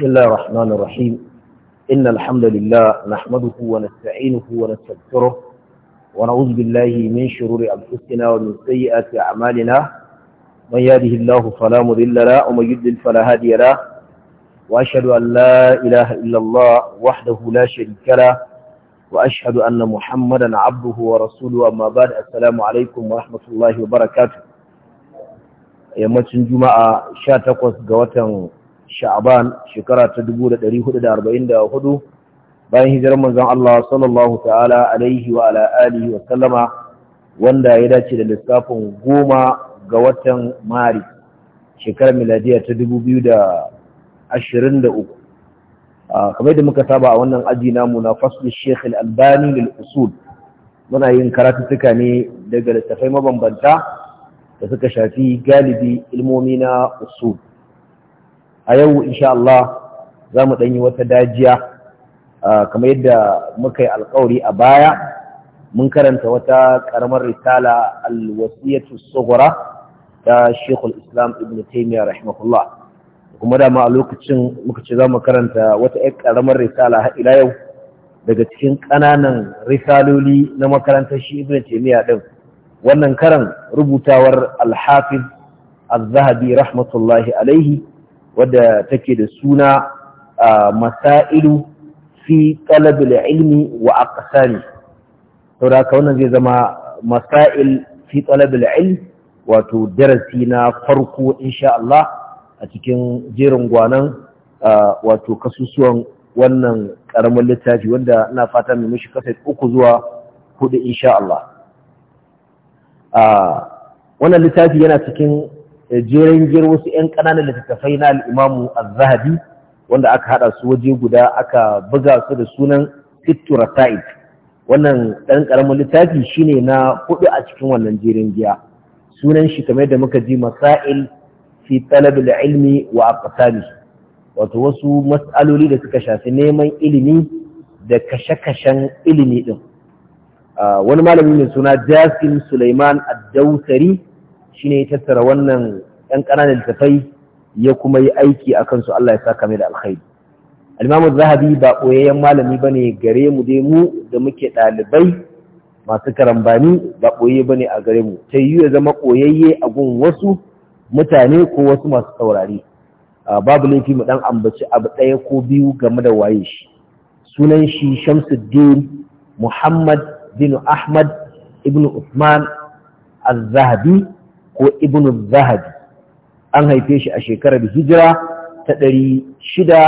بسم الله الرحمن الرحيم إن الحمد لله نحمده ونستعينه ونستغفره ونعوذ بالله من شرور أنفسنا ومن سيئات أعمالنا من يهده الله فلا مضل له ومن يضلل فلا هادي له وأشهد أن لا إله إلا الله وحده لا شريك له وأشهد أن محمدا عبده ورسوله أما بعد السلام عليكم ورحمة الله وبركاته yammacin juma'a 18 ga watan sha'ban shekara ta 1444 bayan hijirar manzon Allah sallallahu ta'ala alaihi wa ala alihi wa sallama wanda ya dace da lissafin goma ga watan mari shekarar miladiya ta 2023 kamar da muka saba a wannan aji namu na faslul sheikh al-albani lil usul muna yin karatuttuka ne daga littafai mabambanta da suka shafi galibi ilmomi na usul a yau insha Allah za mu ɗanyi wata dajiya kamar yadda muka yi alkawari a baya mun karanta wata ƙaramar risala alwasiyatu sugura ta shekul islam ibn taimiyya rahimahullah kuma dama a lokacin muka ce za mu karanta wata ƴar ƙaramar risala har ila yau daga cikin ƙananan risaloli na makarantar shi ibn Taymiya. ɗin wannan karan rubutawar alhafiz al-zahabi rahmatullahi alaihi wadda take da suna masailu fi talabil ilmi wa da ka wannan zai zama masail fi talabil ilmi wato darasi na farko insha Allah a cikin jerin gwanan wato kasusuwan wannan karamin littafi wanda ina fata mai mishi kasai uku zuwa hudu insha Allah wannan littafi yana cikin jerin gir wasu 'yan ƙananan littattafai na al'imamu al-zahabi wanda aka haɗa su waje guda aka buga su da sunan fittura sa'id wannan ɗan ƙaramin littafi shine na hudu a cikin wannan jerin giya sunan shi kamar da muka ji masail fi talabil ilmi wa aqsami wato wasu mas'aloli da suka shafi neman ilimi da kashe-kashen ilimi ɗin. wani malami mai suna Jasim Sulaiman Addausari shine ya tattara wannan ɗan ƙananan littattafai ya kuma yi aiki a kansu Allah ya saka mai da alkhairi Al’imamu zahabi ba ɓoyayyen malami ba ne gare mu dai mu da muke ɗalibai masu karambani ba ɓoye ba ne a gare mu ta yi ya zama ɓoyayye a gun wasu mutane ko wasu masu saurari babu laifi mu ɗan ambaci abu ɗaya ko biyu game da waye shi sunan shi shamsuddin muhammad bin ahmad ibn usman az zahabi ko ibn zahabi an haife shi a shekarar hijira ta ɗari shida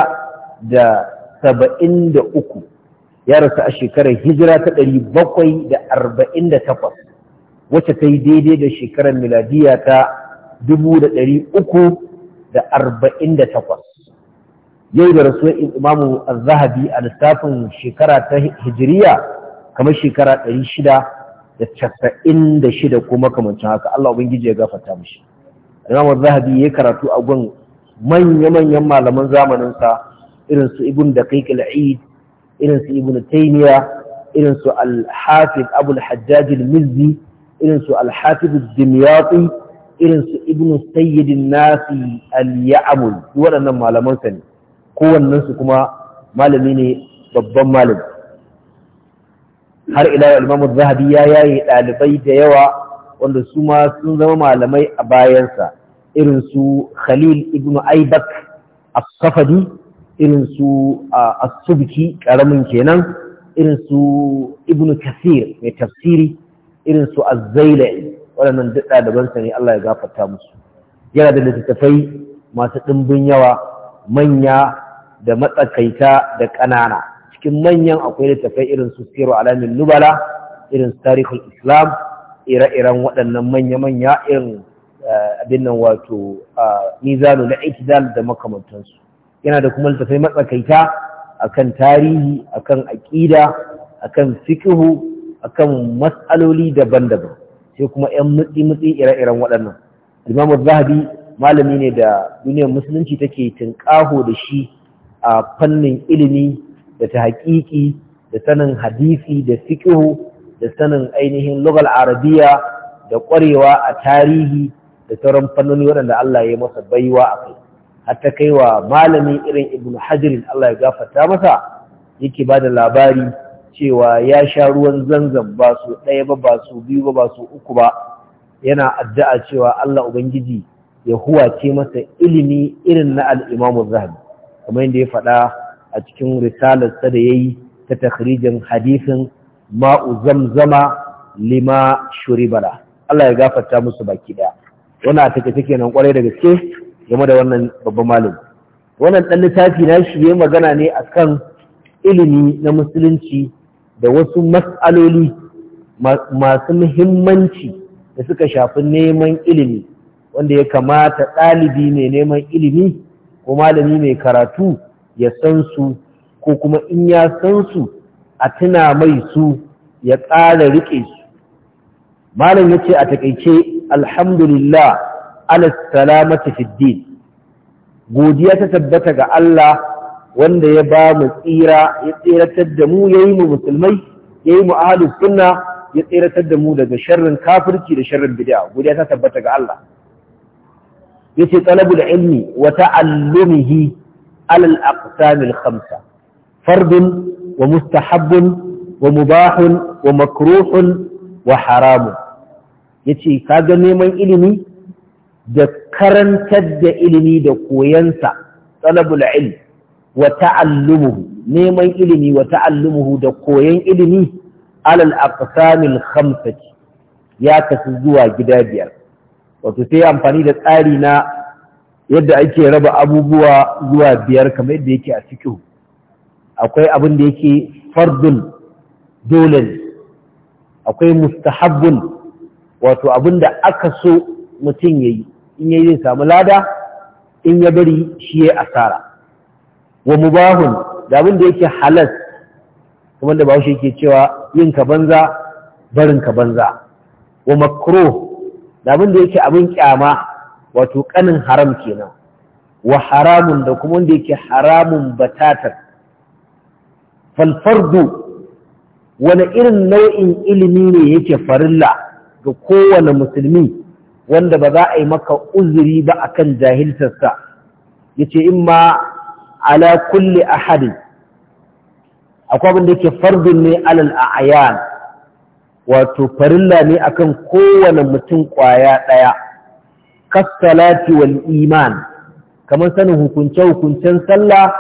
da saba'in da uku ya rasu a shekarar hijira ta ɗari bakwai da arba'in da takwas wacce ta yi daidai da shekarar miladiya ta dubu da ɗari uku da arba'in da takwas yau da rasu imamu zahabi a lissafin shekara ta hijiriya kamar shekara ɗari shida da casa'in da shida ko makamancin haka Allah Ubangiji ya gafarta mishi. imam zahabi ya karatu a gun manya-manyan malaman zamaninsa irin su ibn da kaikil aid irin su ibn taymiya irin su al-hafiz abul hajjaj al-mizzi irin su al-hafiz ad irin su ibn Sayyidin an-nasi al-ya'mul waɗannan malamansa ne Kowannensu kuma malami ne babban malami har ila imam zahabi ya yayi dalibai da yawa wanda su ma sun zama malamai a bayansa irin su Khalil ibnu Aibak as-Safadi irin su as-Subki karamin kenan irin su Ibn Kathir mai tafsiri irin su az-Zailai wannan duk ɗaliban sa ne Allah ya gafarta musu yana da littattafai masu ɗimbin yawa manya da matsakaita da ƙanana cikin manyan akwai littattafai irin su Siru Alamin Nubala irin su Tarihul Islam ire-iren waɗannan manya-manya irin abin nan wato mizanu na itidal da makamantansu yana da kuma littafai matsakaita akan tarihi akan aƙida akan fikihu akan matsaloli daban-daban sai kuma 'yan mutsi-mutsi ire-iren waɗannan imamu zahabi malami ne da duniyar musulunci take tunƙaho da shi a fannin ilimi da ta haƙiƙi da sanin hadisi da fikihu da sanin ainihin lugal arabiya da ƙwarewa a tarihi da sauran fannoni waɗanda Allah ya masa baiwa a kai har ta kai wa malami irin ibn hajirin Allah ya gafata masa yake ba da labari cewa ya sha ruwan zanzan ba su ɗaya ba ba su biyu ba ba su uku ba yana addu'a cewa Allah Ubangiji ya huwace masa ilimi irin na alimamu zahabi kamar yadda ya faɗa a cikin risalarsa da ya yi ta takhrijin hadisin ma'u zamzama lima shuribala Allah ya gafata musu baki ɗaya wannan take take nan kwarai da gaske game da wannan babban malami wannan dan littafi na shi yayin magana ne akan ilimi na musulunci da wasu mas'aloli masu muhimmanci da suka shafi neman ilimi wanda ya kamata ɗalibi mai neman ilimi ko malami mai karatu ya san su ko kuma in ya san su a tuna mai su ya ƙara riƙe su malam ya ce a taƙaice alhamdulillah ala salamati fid din godiya ta tabbata ga Allah wanda ya ba mu tsira ya tsiratar da mu yayi mu musulmai yayi mu ahlus ya tsiratar da mu daga sharrin kafirci da sharrin bid'a godiya ta tabbata ga Allah yace talabul ilmi wata ta'allumihi ala al-aqsam khamsa farbin wa mustahabbun wa mubahun wa makruhun wa haramun ya ce kaga neman ilimi da karantar da ilimi da koyansa talabul wa ta'allumuhu neman ilimi wa ta'allumuhu da koyan ilimi alal aqsamil khamsati ya kasu zuwa gida biyar wato sai amfani da tsari na yadda ake raba abubuwa zuwa biyar kamar yadda yake a cikin akwai abin da yake fardun dole akwai mustahabbun wato abin da aka so mutum ya yi, in yi zai samu lada in ya bari shi ya asara wa mubahun da abin da yake halas, kuma da bahaushe yake cewa yin ka banza barin ka banza wa makruh da abin da yake abin kyama wato kanin haram kenan wa haramun da kuma wanda yake haramun batatar falfardu wani irin nau'in ilimi ne yake farilla ga kowane musulmi wanda ba za a yi maka uzuri ba akan jahiltarsa yace imma ala kulle ahadin akwai abin da yake ne alal a'yan wato farilla ne akan kowane mutum kwaya daya kasalati wal iman kamar sanin hukunce hukuncen sallah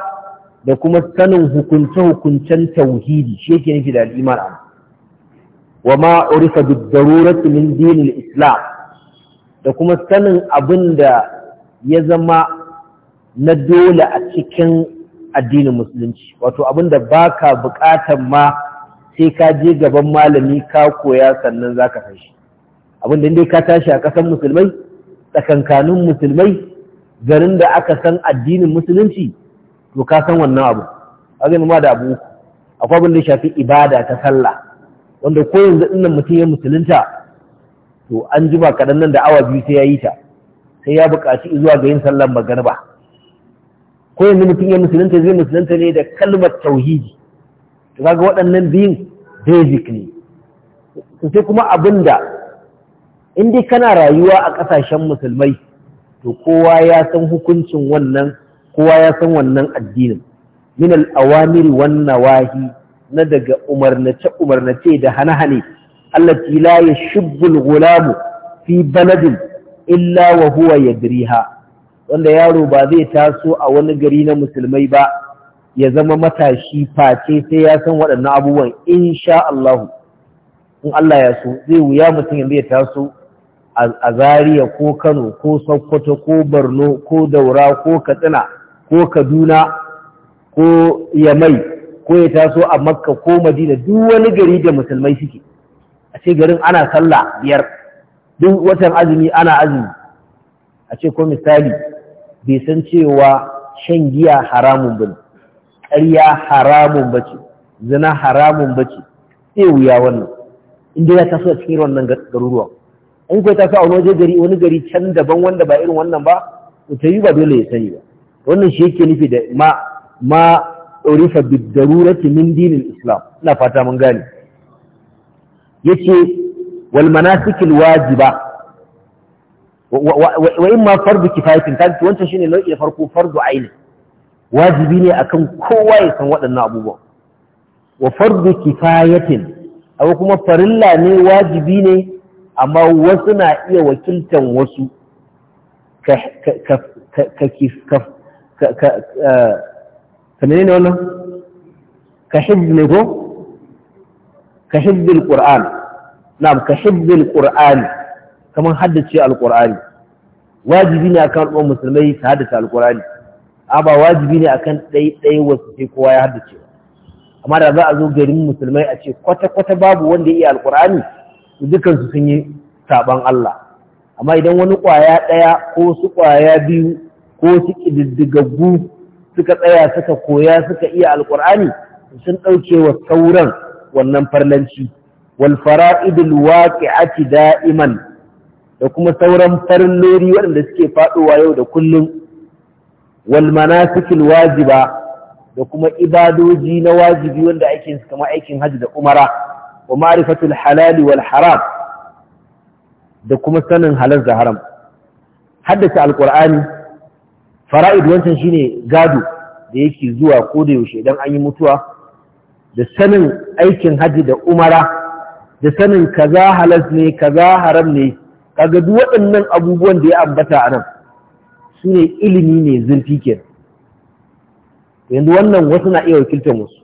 da kuma sanin hukunce hukuncen tauhidi shi yake nufi da al-iman wa ma urifa bid-darurati min islam da kuma sanin abun da ya zama na dole a cikin addinin musulunci wato abin da baka bukatan ma sai ka je gaban malami ka koya sannan zaka san shi abin da indai ka tashi a kasan musulmai tsakankanin musulmai garin da aka san addinin musulunci to ka san wannan abu azumi ma da abu akwai abin da shafi ibada ta sallah wanda ko yanzu nan mutum ya musulunta to an ji ba kaɗan nan da awa biyu sai ya yi ta sai ya buƙaci zuwa ga yin sallar magariba ko yanzu mutum ya musulunta zai musulunta ne da kalmar tauhidi to kaga waɗannan biyun basic ne sai kuma abin da in dai kana rayuwa a ƙasashen musulmai to kowa ya san hukuncin wannan kowa ya san wannan addinin min al-awamiri wan nawahi na daga umarnace umarnace da hane-hane allati la yashubbu al fi baladin illa wa huwa yadriha wanda yaro ba zai taso a wani gari na musulmai ba ya zama matashi face sai ya san waɗannan abubuwan insha allahu in Allah ya so zai wuya mutum yanzu ya taso a Zaria ko Kano ko Sokoto ko Borno ko Daura ko Katsina ko Kaduna ko Yamai ko ya taso a makka ko madina duk wani gari da musulmai suke a ce garin ana sallah biyar duk watan azumi ana azumi a ce ko misali bai san cewa shan giya haramun bane ƙarya haramun bace zina haramun bace sai wuya wannan inda ya taso a cikin wannan garuruwan in kai taso a wani waje gari wani gari can daban wanda ba irin wannan ba to ta yi ba dole ya sani ba wannan shi yake nufi da ma ma urifa bid-darurati min dinin islam ina fata mun gane yace wal manasikil wajiba wa imma fardu kifayatin kan wancan shine nau'i da farko fardu aini wajibi ne akan kowa ya san waɗannan abubuwan. wa fardu kifayatin abu kuma farilla ne wajibi ne amma wasu na iya wakiltan wasu ka ka ka ka ne ne wannan ka hibbi ne ko ka hibbi alquran na'am ka hibbi alquran kaman haddace alqurani wajibi ne akan al'ummar musulmai ta haddace alqurani amma wajibi ne akan dai wasu sai kowa ya haddace amma da za a zo garin musulmai a ce kwata-kwata babu wanda ya iya dukkan dukansu sun yi saban Allah amma idan wani ƙwaya ɗaya ko su ƙwaya biyu ko su ƙididdigaggu suka tsaya suka koya suka iya alkur'ani sun ɗauke wa sauran wannan farlanci wal fara'idul waqi'ati da'iman da kuma sauran farlori waɗanda suke faɗowa yau da kullum wal manasikil wajiba da kuma ibadoji na wajibi wanda aikin su kama aikin hajji da umara wa ma'rifatul halali wal haram da kuma sanin halal da haram haddace alqur'ani fara'id wancan shine gado da yake zuwa ko da yaushe idan an yi mutuwa da sanin aikin haji da umara da sanin kaza halas ne kaza haram ne kaga duk waɗannan abubuwan da ya ambata a nan ilimi ne zurfi ke yanzu wannan wasu na iya wakiltar musu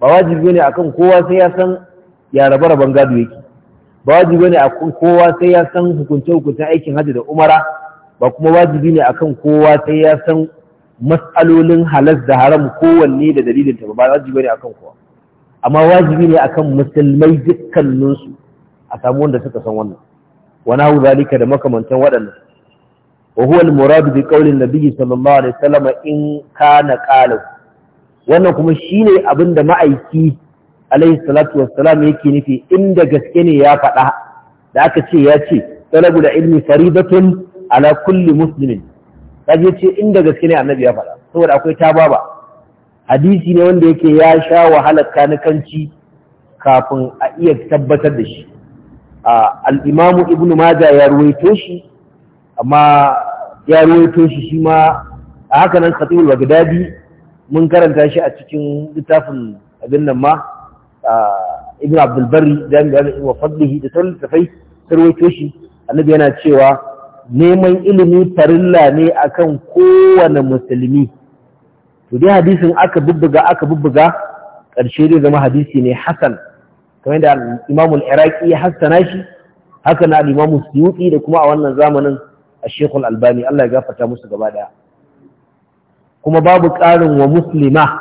ba wajibi ne akan kowa sai ya san ya raba raban gado yake ba wajibi ne akan kowa sai ya san hukunce hukuncen aikin haji da umara ba kuma wajibi ne akan kowa sai ya san matsalolin halas da haram kowanne da dalilin ta ba wajibi ne akan kowa amma wajibi ne akan musulmai dukkaninsu a samu wanda suka san wannan wa nahu zalika da makamantan waɗannan wa huwa al-murad bi qawli an-nabi sallallahu alaihi wasallam in kana qalu wannan kuma shine abinda ma'aiki alaihi salatu wassalam yake nufi inda gaske ne ya faɗa da aka ce ya ce da ilmi faridatun ala kulli muslimin kaje ce inda gaske ne annabi ya faɗa saboda akwai tababa hadisi ne wanda yake ya sha wahalar kanikanci kafin a iya tabbatar da shi al-imamu ibnu majah ya ruwaito shi amma ya ruwaito shi shi ma a haka nan khatibul bagdadi mun karanta shi a cikin littafin abin nan ma ibnu abdul bari jami'an wa fadlihi da sauran littafai sarwaito shi annabi yana cewa neman ilimi farilla ne akan kowane musulmi to dai hadisin aka bubbuga aka bubbuga ƙarshe dai zama hadisi ne hasan kamar da imamul iraki ya hassana shi haka na al'imamu suyuti da kuma a wannan zamanin a shekul albani Allah ya gafata musu gaba daya kuma babu ƙarin wa muslima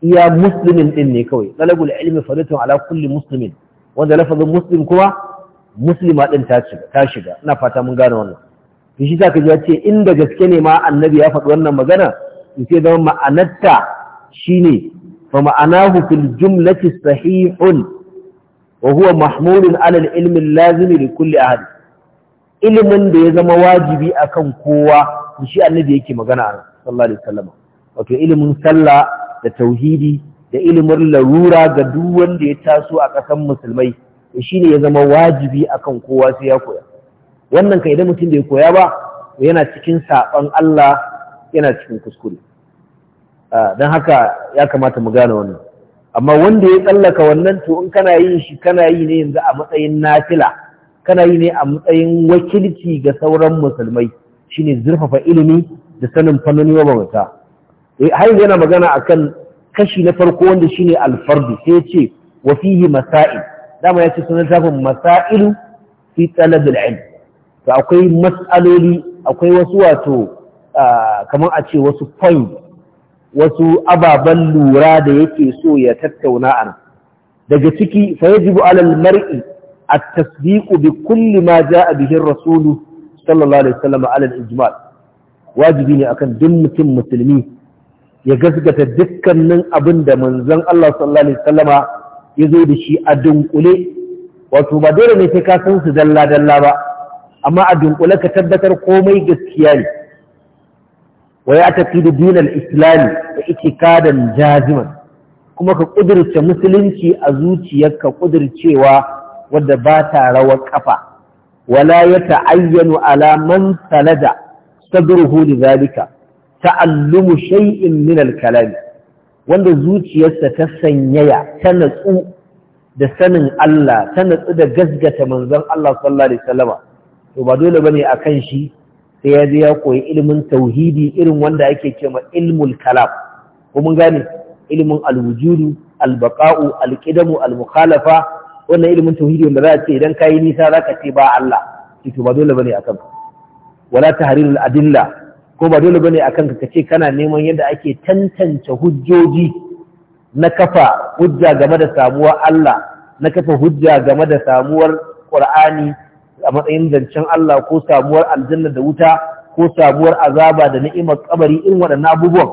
iya muslimin ɗin ne kawai ɗalagul ilmi faritun ala kulli muslimin wanda lafazin muslim kuma muslima din ta shiga ina fata mun gane wannan to shi zaka ji ce inda gaske ne ma annabi ya faɗi wannan magana to sai zama ma'anarta shine fa ma'anahu fil jumlati sahihun wa huwa mahmulun ala al-ilm al-lazim li kulli ahad ilimin da ya zama wajibi akan kowa shi annabi yake magana a sallallahu alaihi wasallam wato ilimin sallah da tauhidi da ilimin larura ga duk wanda ya taso a ƙasar musulmai to shine ya zama wajibi akan kowa sai ya koya wannan kai idan mutum bai koya ba to yana cikin saban Allah yana cikin kuskure dan haka ya kamata mu gane wannan amma wanda ya tsallaka wannan to in kana yin shi kana yi ne yanzu a matsayin nafila kana yi ne a matsayin wakilci ga sauran musulmai shine zurfafa ilimi da sanin fannoni mabambanta eh, har yana magana akan kashi na farko wanda shine alfardu sai ya ce wa fihi masail dama ya ce sunan littafin masailu fi talabil ilm to akwai mas'aloli akwai wasu wato kamar a ce wasu point wasu ababen lura da yake so ya tattauna a nan daga ciki fa alal mar'i a tasdiqu bi kulli ma jaa bihi sallallahu alaihi wajibi ne akan duk mutum musulmi ya gaskata dukkanin abin da manzon Allah sallallahu alaihi ya zo da shi a dunkule wato ba dole ne sai ka san su dalla dalla ba amma a dunkule ka tabbatar komai gaskiya ne wa ya da dinal islami da itikadan jaziman kuma ka kudirce musulunci a zuciyarka kudircewa wadda ba ta rawar kafa wala ya ta'ayyanu ala man salada sadruhu lidhalika ta'allumu shay'in min al-kalami wanda zuciyarsa ta sanyaya ta natsu da sanin Allah ta natsu da gasgata manzon Allah sallallahu alaihi wasallama to ba dole bane akan shi sai ya je ya koyi ilimin tauhidi irin wanda ake cewa ilmul kalam ko mun gane ilmin alwujudu albaqa'u alqidamu almukhalafa wannan ilmin tauhidi wanda za a ce idan kayi nisa zaka ce ba Allah to ba dole bane akan wala tahrirul adilla ko ba dole bane akan ka ce kana neman yadda ake tantance hujjoji na kafa hujja game da samuwar Allah na kafa hujja game da samuwar Qur'ani a matsayin zancen Allah ko samuwar aljanna da wuta ko samuwar azaba da ni'imar kabari in waɗannan abubuwan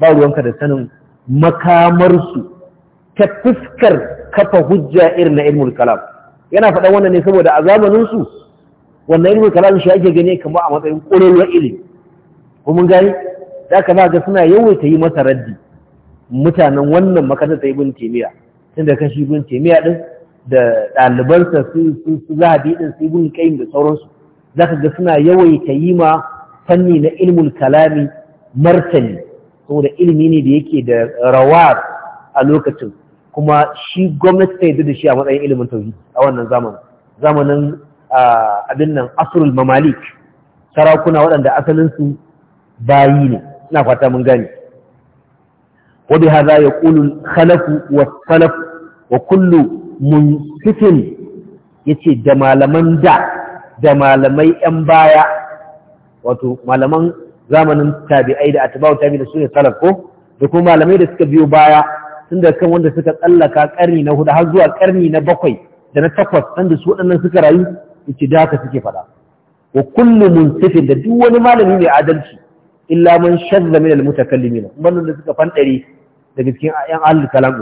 ba ruwanka da sanin makamarsu ta fuskar kafa hujja irin na ilmul kalam yana faɗan wannan ne saboda a zamaninsu wannan ilmul kalam shi ake gani kamar a matsayin ƙololuwar ilimi ko mun gani Za ka ga suna yawaita yi masa raddi mutanen wannan makarantar ibn taymiya tunda kashi ibn taymiya din da ɗalibansa su su su zahabi din su ibn da sauransu zaka ga suna yawaita yi ma fanni na ilmul kalami martani saboda ilimi ne da yake da rawa a lokacin kuma shi gwamnati ta yadda da shi a matsayin ilimin tauhidi a wannan zamanin zamanin ah, abin nan asrul mamalik sarakuna waɗanda asalinsu bayi ne ina fata mun gane wa bi hadha yaqulu khalafu wa salaf wa kullu munsifin yace da malaman da da malamai yan baya wato malaman zamanin tabi'ai da atba'u tabi da suna salaf ko da kuma malamai da suka biyo baya tun da kan wanda suka tsallaka karni na hudu har zuwa karni na bakwai da na takwas da su waɗannan suka rayu yace da haka suke faɗa wa kullu munsifin da duk wani malami mai adalci illa man shadda min almutakallimin wannan da suka fandare daga cikin ayan ahlul kalam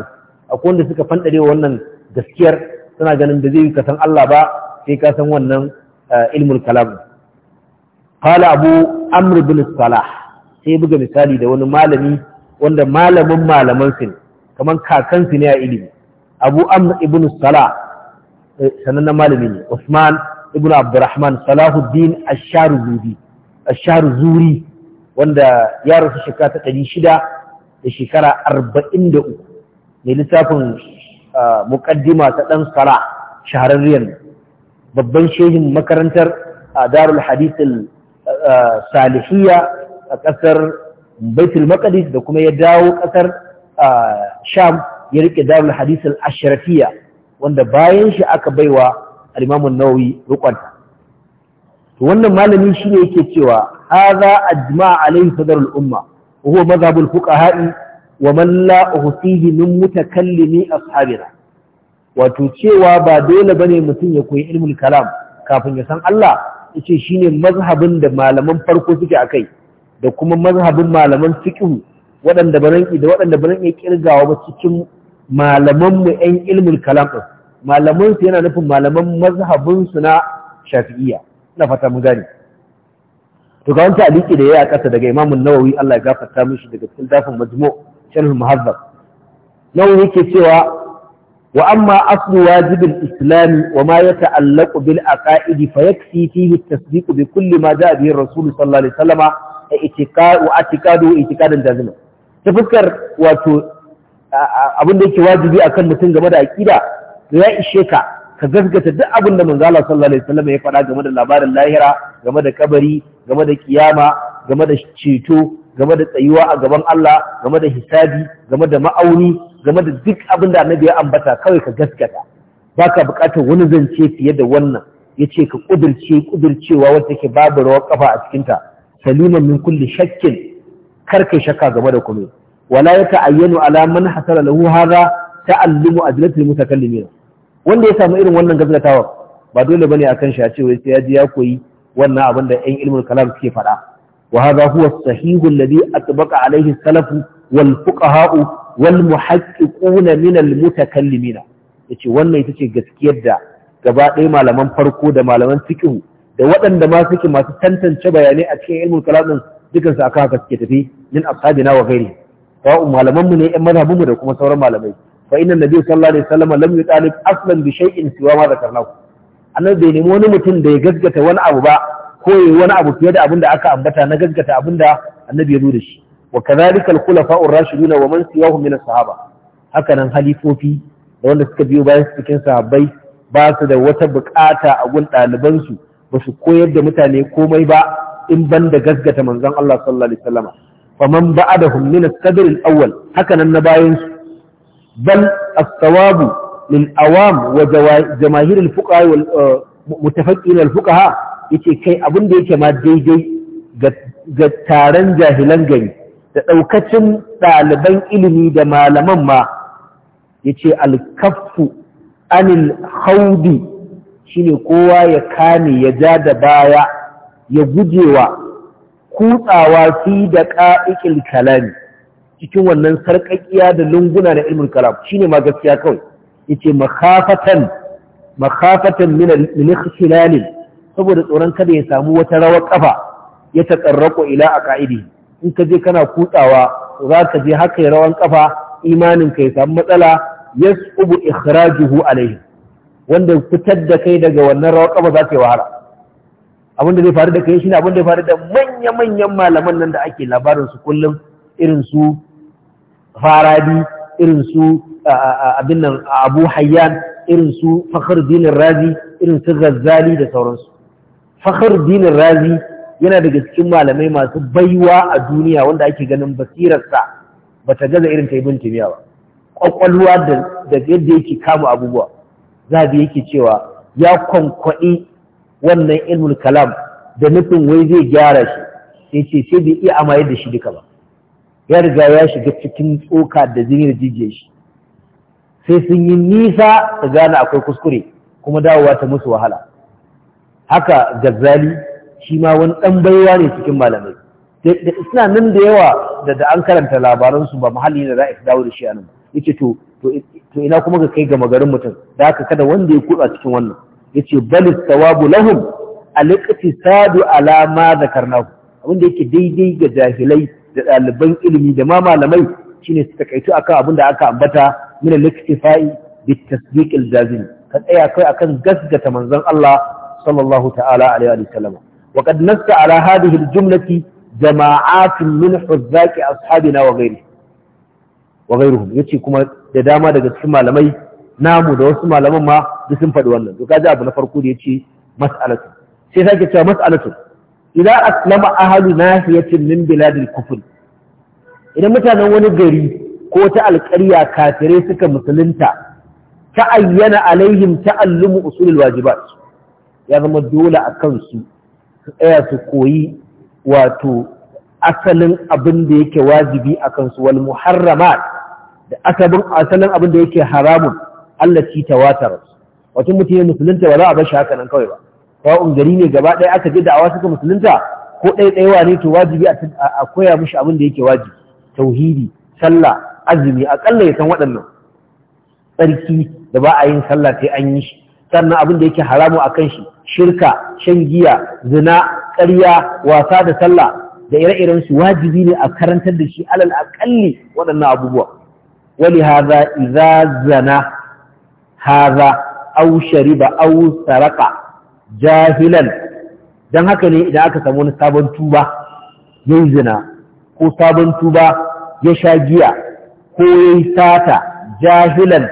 akwai wanda suka fandare wannan gaskiyar suna ganin da zai ka san Allah ba sai ka san wannan eh, ilmul kalam qala abu amr bin salah sai buga misali da wani malami wanda malamin malaman su ne kaman kakan ne a ilimi abu amr ibn salah eh, sanannen malami ne usman ibn abdurrahman salahuddin ash-sharuzuri ash wanda ya rasu shekara ta ɗari shida da shekara arba'in da uku mai littafin muƙaddima ta ɗan sara shahararriyar babban shehin makarantar a darul hadithin salihiyya a ƙasar baitul maqdis da kuma ya dawo ƙasar sham ya riƙe darul hadithin ashirafiyya wanda bayan shi aka baiwa al-imamu nawawi to wannan malami ne yake cewa haza ajma' alaihi sadar al-umma wa huwa mazhabul al-fuqaha'i wa man la uhsihi min mutakallimi ashabira wato cewa ba dole bane mutum ya koyi ilmul kalam kafin ya san Allah yace shine mazhabin da malaman farko suke akai da kuma mazhabin malaman fiqh waɗanda da waɗanda baran kirgawa ba cikin malaman mu ɗan ilmul kalam ɗin. malaman su yana nufin malaman mazhabin su na shafi'iyya ina fata mun gane to ga wani aliki da yayi a ƙasa daga Imam nawawi Allah ya gafarta mishi daga cikin dafin Majmu' Sharh Muhazzab nawawi yake cewa wa amma aslu wajibin islam wa ma yata'allaqu bil aqaid fa yakfi fihi at-tasdiq bi kulli ma ja'a bihi ar-rasul sallallahu alaihi wasallam wa itiqadu atiqadu itiqadan jazima ta fuskar wato abin da yake wajibi akan mutum game da aqida ya ishe ka ka gaskata duk abin da manzo sallallahu alaihi wasallam ya faɗa game da labarin lahira game da kabari game da kiyama game da ceto game da tsayuwa a gaban Allah game da hisabi game da ma'auni game da duk abin da annabi ya ambata kawai ka gaskata baka buƙatar wani zance fiye da wannan Ya ce ka ƙudurce ƙudurcewa wacce ke babu rawar kafa a cikin ta saliman min kulli shakkin kar ka shakka game da kuma wala ya ayyanu ala man hasala lahu hadha ta'allumu ajlatil mutakallimin wanda ya samu irin wannan gazgatawa ba dole bane akan shi a ce wai sai ya ji ya koyi wannan abin da ƴan ilmin kalam suke faɗa wa hadha huwa sahihu alladhi atbaqa alayhi salaf wal fuqaha wal muhaqqiquna min al mutakallimina yace wannan ita ce gaskiyar da gaba ɗaya malaman farko da malaman fiqh da waɗanda ma suke masu tantance bayanai a cikin ilmin kalam din dukansu aka haka suke tafi min ashabina wa ghairi sawa'un malaman mu ne ƴan mu da kuma sauran malamai fa inna nabi sallallahu alaihi wasallam lam yutalib aslan bi shay'in siwa ma zakarnahu annabi bai nemi wani mutum da ya gaskata wani abu ba ko wani abu fiye da abin da aka ambata na gaskata abin da annabi ya zo da shi wa kadhalika al-khulafa ar na wa man siwahum min sahaba Hakanan halifofi da wanda suka biyo bayan cikin sahabbai ba su da wata bukata a gun ɗalibansu ba su koyar da mutane komai ba in ban da gaskata manzon Allah sallallahu alaihi wasallam faman ba'adahum min as-sadr awwal haka na bayan su بل الصواب للأوام وجماهير الفقهاء والمتفقين الفقهاء yace kai abin da yake ma daidai ga taron jahilan gari da ɗaukacin ɗaliban ilimi da malaman ma yace alkaffu anil haudi shine kowa ya kame ya ja da baya ya gujewa kutsawa fi da ƙa'ikil kalami cikin wannan sarƙaƙiya da lunguna na ilmin kalam shine ma gaskiya kawai yace makhafatan makhafatan min al saboda tsoron kada ya samu wata rawar kafa ya taqarraqu ila a aqaidi in ka je kana kutsawa za ka je haka ya rawan kafa imanin ka ya samu matsala yasubu ikhrajuhu alayhi wanda fitar da kai daga wannan rawar kafa za ta yi wahala da zai faru da kai abin da ya faru da manya-manyan malaman nan da ake labarin su kullum irin su faradi irin su abin nan abu hayyan irin su fakhar dinin razi irin su gazzali da sauransu fakhar dinin razi yana daga cikin malamai masu baiwa a duniya wanda ake ganin basirarsa ba ta gaza irin ta ibn timiya ba Ƙwaƙwalwa da yadda yake kama abubuwa zabi yake cewa ya kwankwaɗi wannan ilmul kalam da nufin wai zai gyara shi sai ce sai bai iya amaye da shi duka ba ya riga ya shiga cikin tsoka da jini da shi sai sun yi nisa da gane akwai kuskure kuma dawowa ta musu wahala haka gazali shi ma wani ɗan baiwa ne cikin malamai Da suna nan da yawa da an karanta labaransu ba muhalli da za a dawo da shi a nan yace to to ina kuma ka kai ga magarin mutum da haka kada wanda ya kutsa cikin wannan yace bal thawabu lahum al-iqtisadu ala ma zakarnahu abinda yake daidai ga jahilai da ɗaliban ilimi da ma malamai shine su takaitu akan abin da aka ambata min liktifa'i iktifai bit tasdiq al-jazim ka tsaya kai akan gasgata manzon Allah sallallahu ta'ala alaihi wa sallam wa qad nasta ala hadhihi jumlati jama'atun min huzzaqi ashabina wa ghairi wa ghairuhum yace kuma da dama daga cikin malamai namu da wasu malaman ma duk sun faɗi wannan to kaji abu na farko da yace mas'alatu sai sake cewa mas'alatu idza aslama ahlu nahiyatin min biladil kufr idan mutanen wani gari ko ta alƙarya kafirai suka musulunta ta ayyana alaihim ta'allumu usulul wajibat ya zama dole a kansu su tsaya su koyi wato asalin abin da yake wajibi a kansu wal muharramat da asabin asalin abin da yake haramun Allah ci tawatar wato mutum ya musulunta ba za a bar shi haka nan kawai ba ƙwa’un gari ne gaba ɗaya aka je da'awa suka musulunta ko ɗaya ɗayawa ne to wajibi a koya mishi abin da yake wajibi tauhidi sallah azumi aƙalla ya san waɗannan tsarki da ba a yin sallah sai an yi shi sannan abin da yake haramu a kan shi shirka shan giya zina ƙarya wasa da sallah da ire-iren su wajibi ne a karantar da shi alal akalli waɗannan abubuwa Wani haza iza zana haza au shariba au saraka jahilan don haka ne idan aka samu wani sabon tuba ya yi zina ko sabon tuba ya sha giya ko ya yi sata jahilan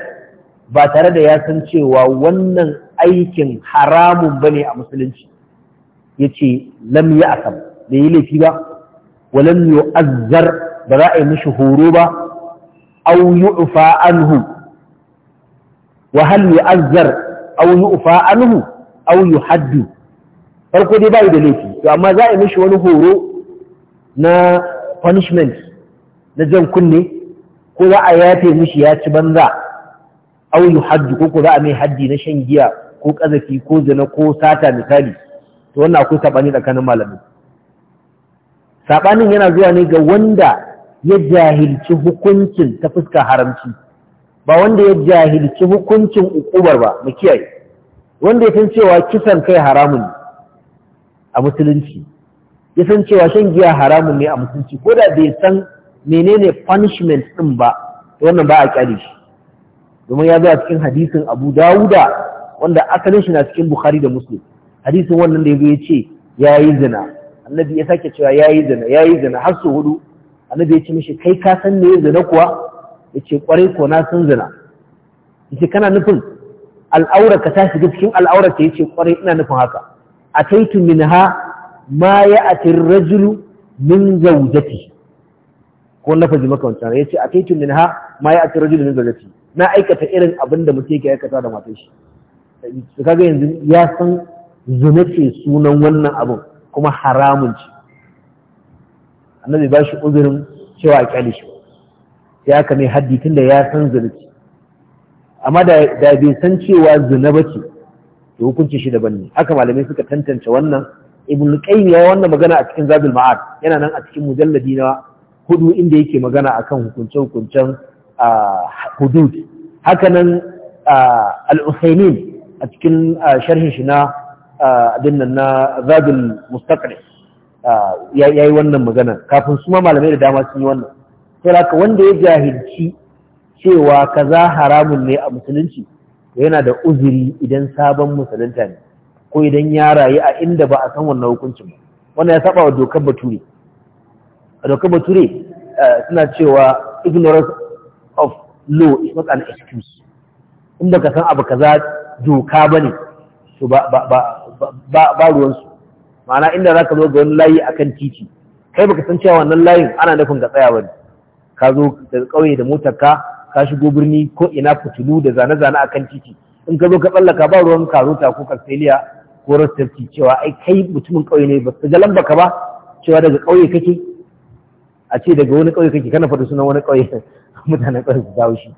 ba tare da ya san cewa wannan aikin haramun bane a musulunci ya ce lam a asam da yi laifi ba walam yi azzar ba za a yi horo ba au yi ufa anhu wahal yi azzar au yi ufa anhu auyu haddu, farko dai bai da laifi to amma za a mishi wani horo na punishment na jan kunne ko za a yafe mishi ya ci banza auyu haddu ko za a mai haddi na shan giya ko kazafi ko zina ko sata misali to wannan akwai sabani tsakanin malamin. sabanin yana zuwa ne ga wanda ya jahilci hukuncin ta fuska haramci ba wanda ya jahilci hukuncin ukubar ba mu kiyaye wanda ya san cewa kisan kai haramun ne a musulunci ya san cewa shan giya haramun ne a musulunci ko da bai san menene punishment din ba to wannan ba a kyale shi domin ya zuwa cikin hadisin Abu Dawuda wanda asalin shi na cikin Bukhari da Muslim hadisin wannan da yazo ya ce yayi zina annabi ya sake cewa yayi zina yayi zina har su hudu annabi ya ce mishi kai ka san me zina kuwa yace kwarai ko na san zina yace kana nufin al'aura ka ta shiga cikin al'aura ta yace kwarai ina nufin haka ataitu minha ma ya'ti ar-rajulu min zawjati ko na faji maka wancan yace ataitu minha ma ya'ti ar-rajulu min zawjati na aikata irin abin da mutum yake aikata da matar shi kaga yanzu ya san zina sunan wannan abin kuma haramun ce annabi ba shi uzurin cewa a kyale shi sai mai haddi tunda ya san zina amma da bai san cewa zina ba ce to hukuncin shi daban ne haka malamai suka tantance wannan ibn qayyim ya wannan magana a cikin zabil ma'ad yana nan a cikin mujalladi na hudu inda yake magana akan hukunce hukuncen hudud haka nan al-usaymin a cikin sharhin shi na abin nan na zabil mustaqri yi wannan magana kafin su ma malamai da dama sun yi wannan sai haka wanda ya jahilci cewa kaza haramun ne a musulunci yana da uzuri idan sabon musulunta ne ko idan ya rayu a inda ba a san wannan hukuncin ba wannan ya saba wa dokar bature a dokar bature eh, suna cewa ignorance of law is not an excuse in baka san abu kaza doka bane to ba ba ba ba ruwansu ma'ana inda zaka zo ga wani layi akan titi kai baka san cewa wannan layin ana nufin ka tsaya bane ka zo da kauye da motar ka ka shigo birni ko ina fitilu da zane-zane a kan titi in ka zo ka tsallaka ba ruwan karota ko kastiliya ko Rastafi? cewa ai kai mutumin ƙauye ne ba jalan baka lamba ka ba cewa daga ƙauye kake a ce daga wani ƙauye kake kana faɗi sunan wani ƙauye mutanen ƙauye su dawo shi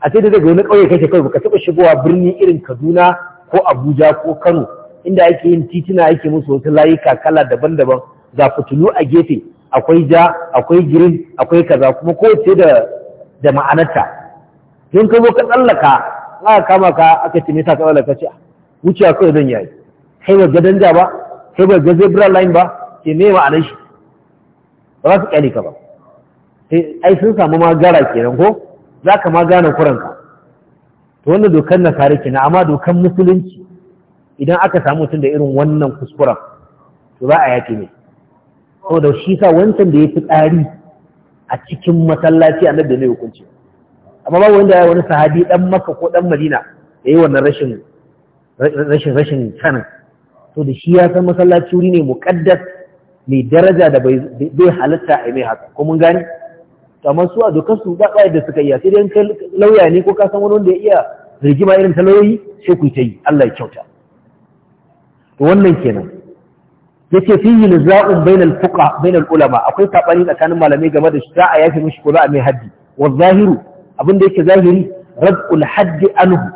a ce daga wani ƙauye kake kawai baka taɓa shigowa birni irin Kaduna ko Abuja ko Kano inda ake yin titina ake musu wasu layuka kala daban-daban ga fitilu a gefe akwai ja akwai girin akwai kaza kuma kowace da da ma'anarta don ka zo ka tsallaka aka kama ka aka ce nisa ka tsallaka ce wuciya kawai zan yayi kai ba ga danja ba kai ba ga zebra line ba ke me ma'anar shi ba za su kyale ka ba sai ai sun samu ma gara kenan ko za ka ma gane kuranka to wannan dokar nasara kenan amma dokar musulunci idan aka samu mutum da irin wannan kuskuren to za a yaƙi ne saboda shi sa wancan da ya fi tsari a cikin masallaci annabi da ne hukunci amma babu wanda ya wani sahabi dan makka ko dan madina yayi wannan rashin rashin rashin sanin to da shi ya san masallaci wuri ne muqaddas mai daraja da bai halatta a mai haka ko mun gani to amma su a dokar su ba da suka iya sai dai kai lauya ne ko ka san wani wanda ya iya rigima irin ta lauyoyi sai ku ta yi Allah ya kyauta to wannan kenan yace fihi niza'un bainal fuqa bainal ulama akwai sabani tsakanin malamai game da shi a yafi mishi kula a mai haddi wa zahiru abin da yake zahiri rad'ul haddi anhu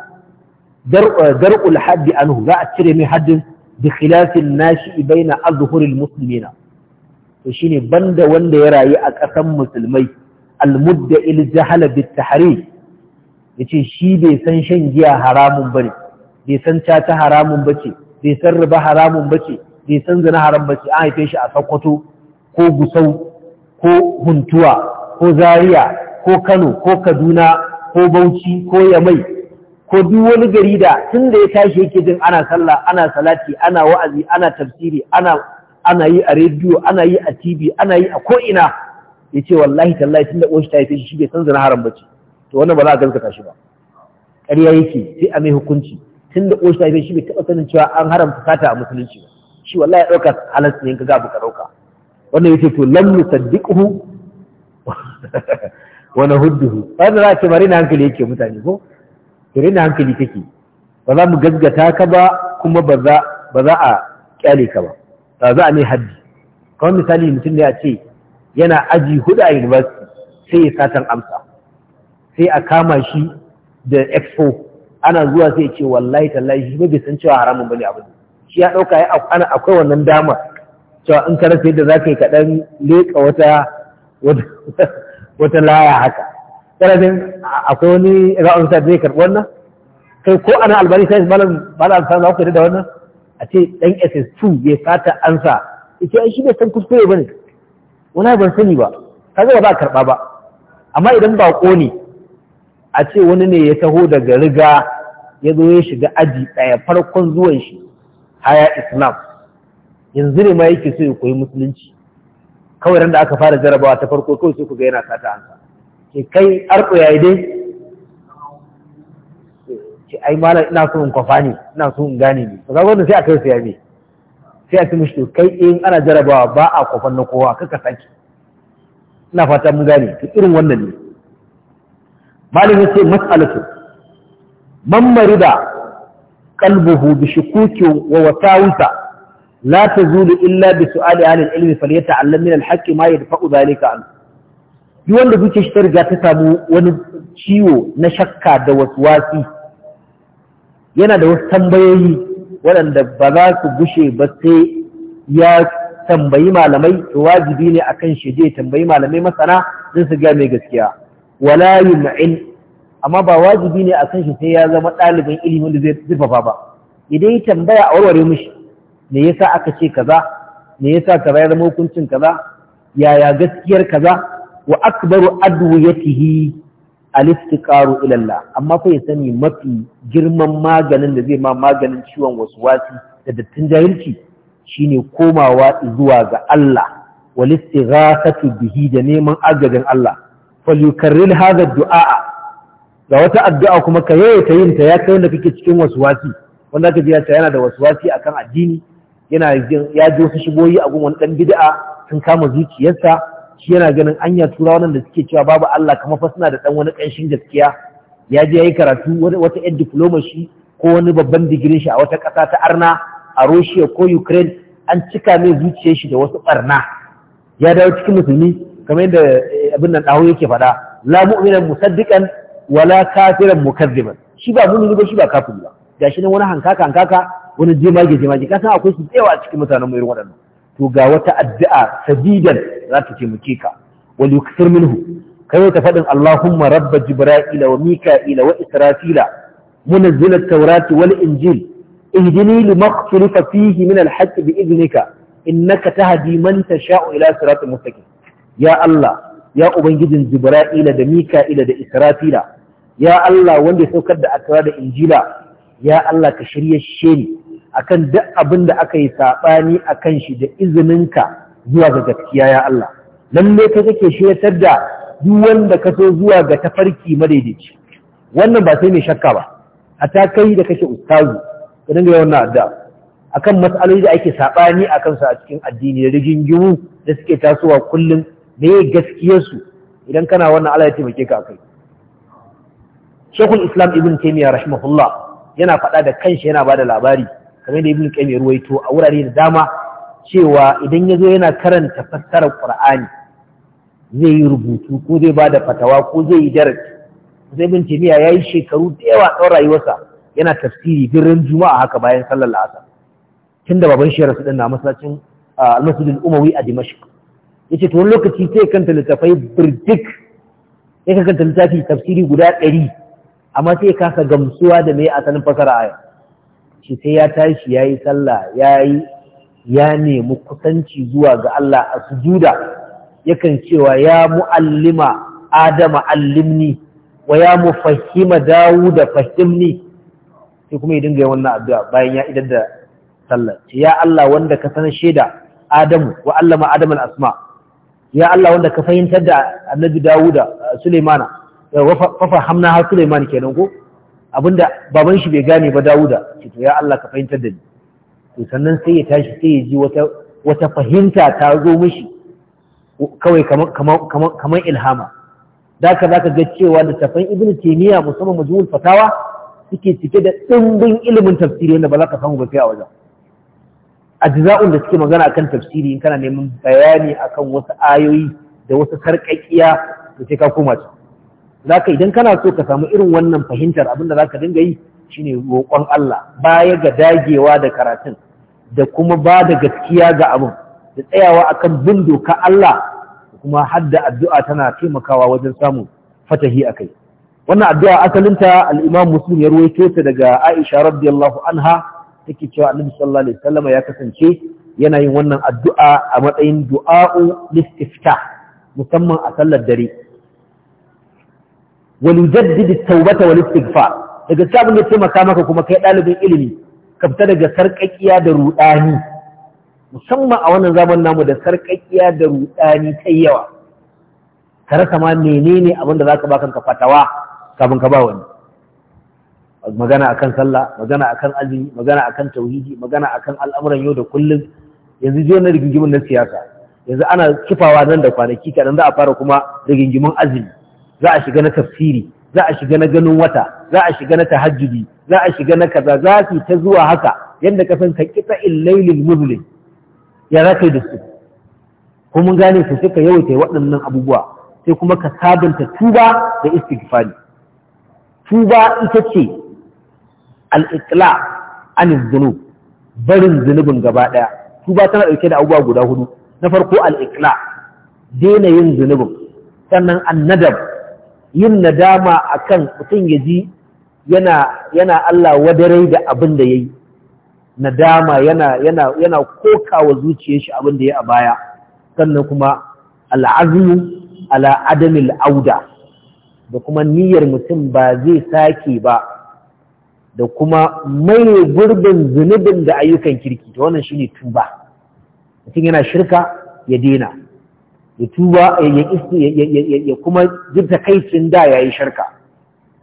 dar'ul haddi anhu za a cire mai haddin bi khilafin nashi baina azhuril muslimina to shine banda wanda ya rayu a ƙasan musulmai almudda'il jahala bit tahrim yace shi bai san shan giya haramun bane bai san caca haramun bace bai san riba haramun bace bai san zina haram ba ce an haife shi a Sokoto ko Gusau ko Huntuwa ko Zariya ko Kano ko Kaduna ko Bauchi ko Yamai ko duk wani gari da tun da ya tashi yake jin ana sallah ana salati ana wa'azi ana tafsiri ana ana yi a rediyo ana yi a TV ana yi a ina, ya ce wallahi tallahi tun da uwanshi ta haife shi shi bai san zina haram ba ce to wannan ba za a gaskata shi ba ƙarya yake sai a mai hukunci tun da uwanshi ta haife shi bai taɓa sanin cewa an haramta sata a musulunci ba shi wallahi ɗaukar halarci yanka gabu ka ɗauka wannan yake to lam nusaddiquhu wa nahudduhu Wannan za ce bari na hankali yake mutane ko bari na hankali kake ba za mu gaggata ka ba kuma ba za ba za a kyale ka ba ba za a ne haddi kamar misali mutum ne a ce yana aji hudu a university sai ya satan amsa sai a kama shi da expo ana zuwa sai ce wallahi tallahi shi ba bai san cewa haramun bane abin shi ya ɗauka ya ana akwai wannan dama cewa in ka rasa yadda za ka yi kaɗan leƙa wata wata laya haka ƙarfin akwai wani ra'un sa zai karɓi wannan kai ko ana albani sai malam malam sa za ku da wannan a ce ɗan ss2 ya fata ansa yace ai shi bai san kuskure bane wala ban sani ba kaga ba a karɓa ba amma idan ba ko ne a ce wani ne ya taho daga riga ya zo ya shiga aji ɗaya farkon zuwan shi haya islam yanzu ne ma yake so ya koyi musulunci kawai ran da aka fara jarabawa ta farko kawai sai ku ga yana sata ansa ke kai arko yayi dai ke ai malam ina so in kwafa ne ina so in gane ne ba ga sai a kai sai yabe sai a ci shi to kai in ana jarabawa ba a kwafan na kowa kaka saki ina fata mun gane to irin wannan ne malamin sai mas'alatu man marida قلبه بشكوك ووساوس لا تزول إلا بسؤال أهل العلم فليتعلم من الحق ما يدفع ذلك عنه يوان da zuciyar ta riga ta samu wani ciwo na shakka da waswasi yana da wasu tambayoyi waɗanda ba za su gushe ba sai ya tambayi malamai wajibi ne akan shi je tambayi malamai masana don su ga mai gaskiya wala yum'in amma ba wajibi ne a kan shi sai ya zama ɗalibin ilimin da zai zurfafa ba idan ya tambaya a warware mishi me yasa aka ce kaza me yasa kaza ya zama hukuncin kaza yaya gaskiyar kaza wa akbaru adwiyatihi al-istiqaru ila Allah amma fa ya sani mafi girman maganin da zai ma maganin ciwon wasuwasi da dattin jahilci shine komawa zuwa ga Allah wal istighathatu bihi da neman agajin Allah falyukarrir hadha du'a ga wata addu'a kuma ka ta yin ta ya kai wanda kake cikin wasuwasi wanda ka biya ta yana da wasuwasi kan addini yana ya ji wasu shigoyi a gun wani dan sun kama zuciyarsa shi yana ganin anya tura wanda suke cewa babu Allah kama fa suna da ɗan wani ƙanshin gaskiya ya je yi karatu wata yan diploma ko wani babban digirin shi a wata ƙasa ta arna a Russia ko Ukraine an cika mai zuciyar shi da wasu ɓarna. ya dawo cikin musulmi kamar yadda eh, abin nan dawo yake faɗa la mu'minan musaddiqan wala kafiran mukazziban shi ba mumini ba shi ba kafiri ba gashi nan wani hankaka hankaka wani jemage jemage kasan akwai su tsewa cikin mutanen mu irin waɗannan to ga wata addu'a sabidan za ta ce mukeka ka wal yukthir minhu kai ta fadin allahumma rabb jibra'ila wa mika'ila wa israfila munazzil at-taurati wal injil ihdini limakhtalifa fihi min al-haqq bi idnika innaka ta man tasha'u ila siratal mustaqim ya allah ya ubangijin jibra'ila da mika'ila da israfila ya Allah wanda ya saukar da akara da injila ya Allah ka shirya shi akan duk abin da aka yi sabani akan shi da izininka zuwa ga gaskiya ya Allah lalle ka take shiryatar da duk wanda ka so zuwa ga tafarki madaidaici wannan ba sai mai shakka ba hatta kai da kake ustazu ka dinga yawan adda. akan matsaloli da ake saɓani akan su a cikin addini da rigingimu da suke tasowa kullum me gaskiyar su idan kana wannan Allah ya taimake ka akai shekul islam ibn taimiyya rahimahullah yana faɗa da kanshi yana ba da labari kamar da ibn qayyim ruwaito a wurare da dama cewa idan ya zo yana karanta fassarar qur'ani zai yi rubutu ko zai ba fatawa ko zai yi darasi sai ibn taimiyya ya yi shekaru da yawa tsawon rayuwarsa yana tafsiri ran juma'a haka bayan sallar la'asar tunda baban shi rasu na masallacin almasjidul umawi a dimashq yace to wani lokaci sai kanta littafai birdik sai kanta littafi tafsiri guda ɗari amma sai kasa gamsuwa da mai asalin fasara aya shi sai ya tashi ya yi sallah ya yi ya nemi kusanci zuwa ga Allah a sujuda yakan cewa ya mu'allima adama allimni wa ya mu mufahima dawuda fahimni sai kuma ya dinga yin wannan addu'a bayan ya idar da sallah ya Allah wanda ka sanar shaida adamu wa allama adama al-asma ya Allah wanda ka fahimtar da annabi dawuda sulaimana wafa hamna har Sulaiman kenan ko abinda baban shi bai gane ba Dawuda ce to ya Allah ka fahimtar da ni to sannan sai ya tashi sai ya ji wata wata fahimta ta zo mishi kawai kamar kamar ilhama da ka zaka ga cewa da tafan Ibn taymiya musamman majmu'ul fatawa suke cike da dimbin ilimin tafsiri wanda ba za ka samu ba sai a wajen ajza'un da suke magana akan tafsiri in kana neman bayani akan wasu ayoyi da wasu sarƙaƙiya da sai ka koma zaka idan kana so ka samu irin wannan fahimtar abin abinda ka dinga yi shi ne roƙon Allah baya ga dagewa da karatun da kuma ba da gaskiya ga abin da tsayawa akan bin doka Allah kuma hadda addu'a tana taimakawa wajen samun fatahi a kai. wannan addu'a asalinta al-Imam Muslim ya ruwaito ta daga Aisha radiyallahu anha take cewa Annabi sallallahu alaihi wasallam ya kasance yana yin wannan addu'a a matsayin du'a'u listifta musamman a sallar dare Wani nujaddid at-taubata wal istighfar daga cikin da taimaka maka kuma kai ɗalibin ilimi ka fita daga sarkakiya da ruɗani musamman a wannan zaman namu da sarkakiya da ruɗani ta yawa ka rasa ma menene abin da zaka ba kanka fatawa kafin ka ba wani magana akan sallah magana akan azumi magana akan tauhidi magana akan al'amuran yau da kullum yanzu je na rigingimin na siyasa yanzu ana kifawa nan da kwanaki kadan za a fara kuma rigingimin azumi za a shiga na tafsiri za a shiga na ganin wata za a shiga na tahajjudi za a shiga na kaza za su ta zuwa haka yadda ka san ka kitsa illailil muzlim ya za ka yi da su ko mun gane su suka yawaita waɗannan abubuwa sai kuma ka sabunta tuba da istighfari tuba ita ce al-iqla an barin zunubin gaba daya tuba tana dauke da abubuwa guda hudu na farko al-iqla daina yin zunubin sannan annadab yin nadama a kan mutum ya ji yana Allah wadarai da abin da ya yi. nadama yana yana yana kokawa zuciyar shi abin da ya a baya sannan kuma al'azumi ala adamil auda da kuma niyyar mutum ba zai sake ba da kuma mai gurbin zunubin da ayyukan kirki to wannan shi ne tuba mutum yana shirka ya dena ya tuba ya kuma jirta kaicin da ya yi shirka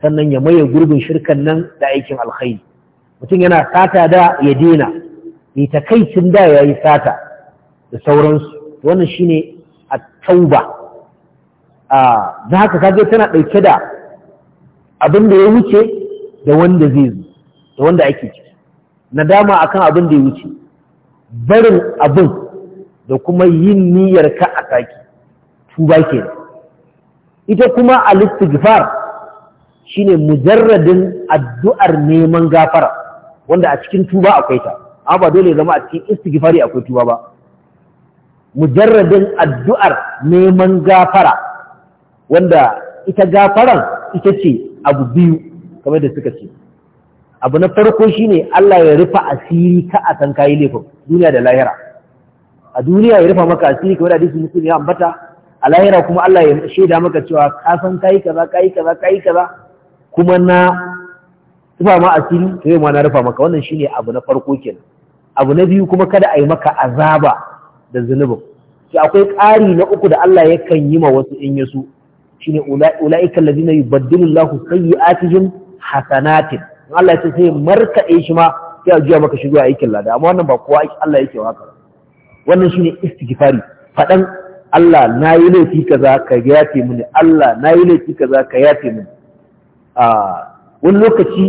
sannan ya maye gurbin shirkan nan da aikin alkhairi mutum yana sata da ya dina ya ta kaicin da ya yi sata da sauransu wannan shi ne a tauba za haka kaga tana ɗauke da abin da ya wuce da wanda zai zo da wanda ake ciki nadama kan abin da ya wuce barin abin da kuma yin niyyar ka a saki tuba ke ita kuma al-istighfar shine mujarradin addu'ar neman gafara wanda a cikin tuba akwai ta amma ba dole zama a cikin istighfari akwai tuba ba mujarradin addu'ar neman gafara wanda ita gafaran ita ce abu biyu kamar da suka ce abu na farko shine Allah ya rufa asiri ka a san kayi laifin duniya da lahira a duniya ya rufa maka asiri kamar da hadisi musulmi ya ambata a kuma Allah ya shaida maka cewa kasan san kai kaza kai kaza kai kaza kuma na rufa ma asiri to yau ma na rufa maka wannan shine abu na farko kenan abu na biyu kuma kada a yi maka azaba da zunubin to akwai ƙari na uku da Allah ya kan yi ma wasu in yasu shine ulaika allazina yubaddilu Allahu sayyi'atihim hasanatin Allah ya ce sai ai shi ma sai a juya maka shi zuwa aikin lada amma wannan ba kowa Allah yake haka wannan shine istighfari fadan Allah na yi laifi kaza ka yafe mini Allah na yi laifi kaza ka yafe mini a wani lokaci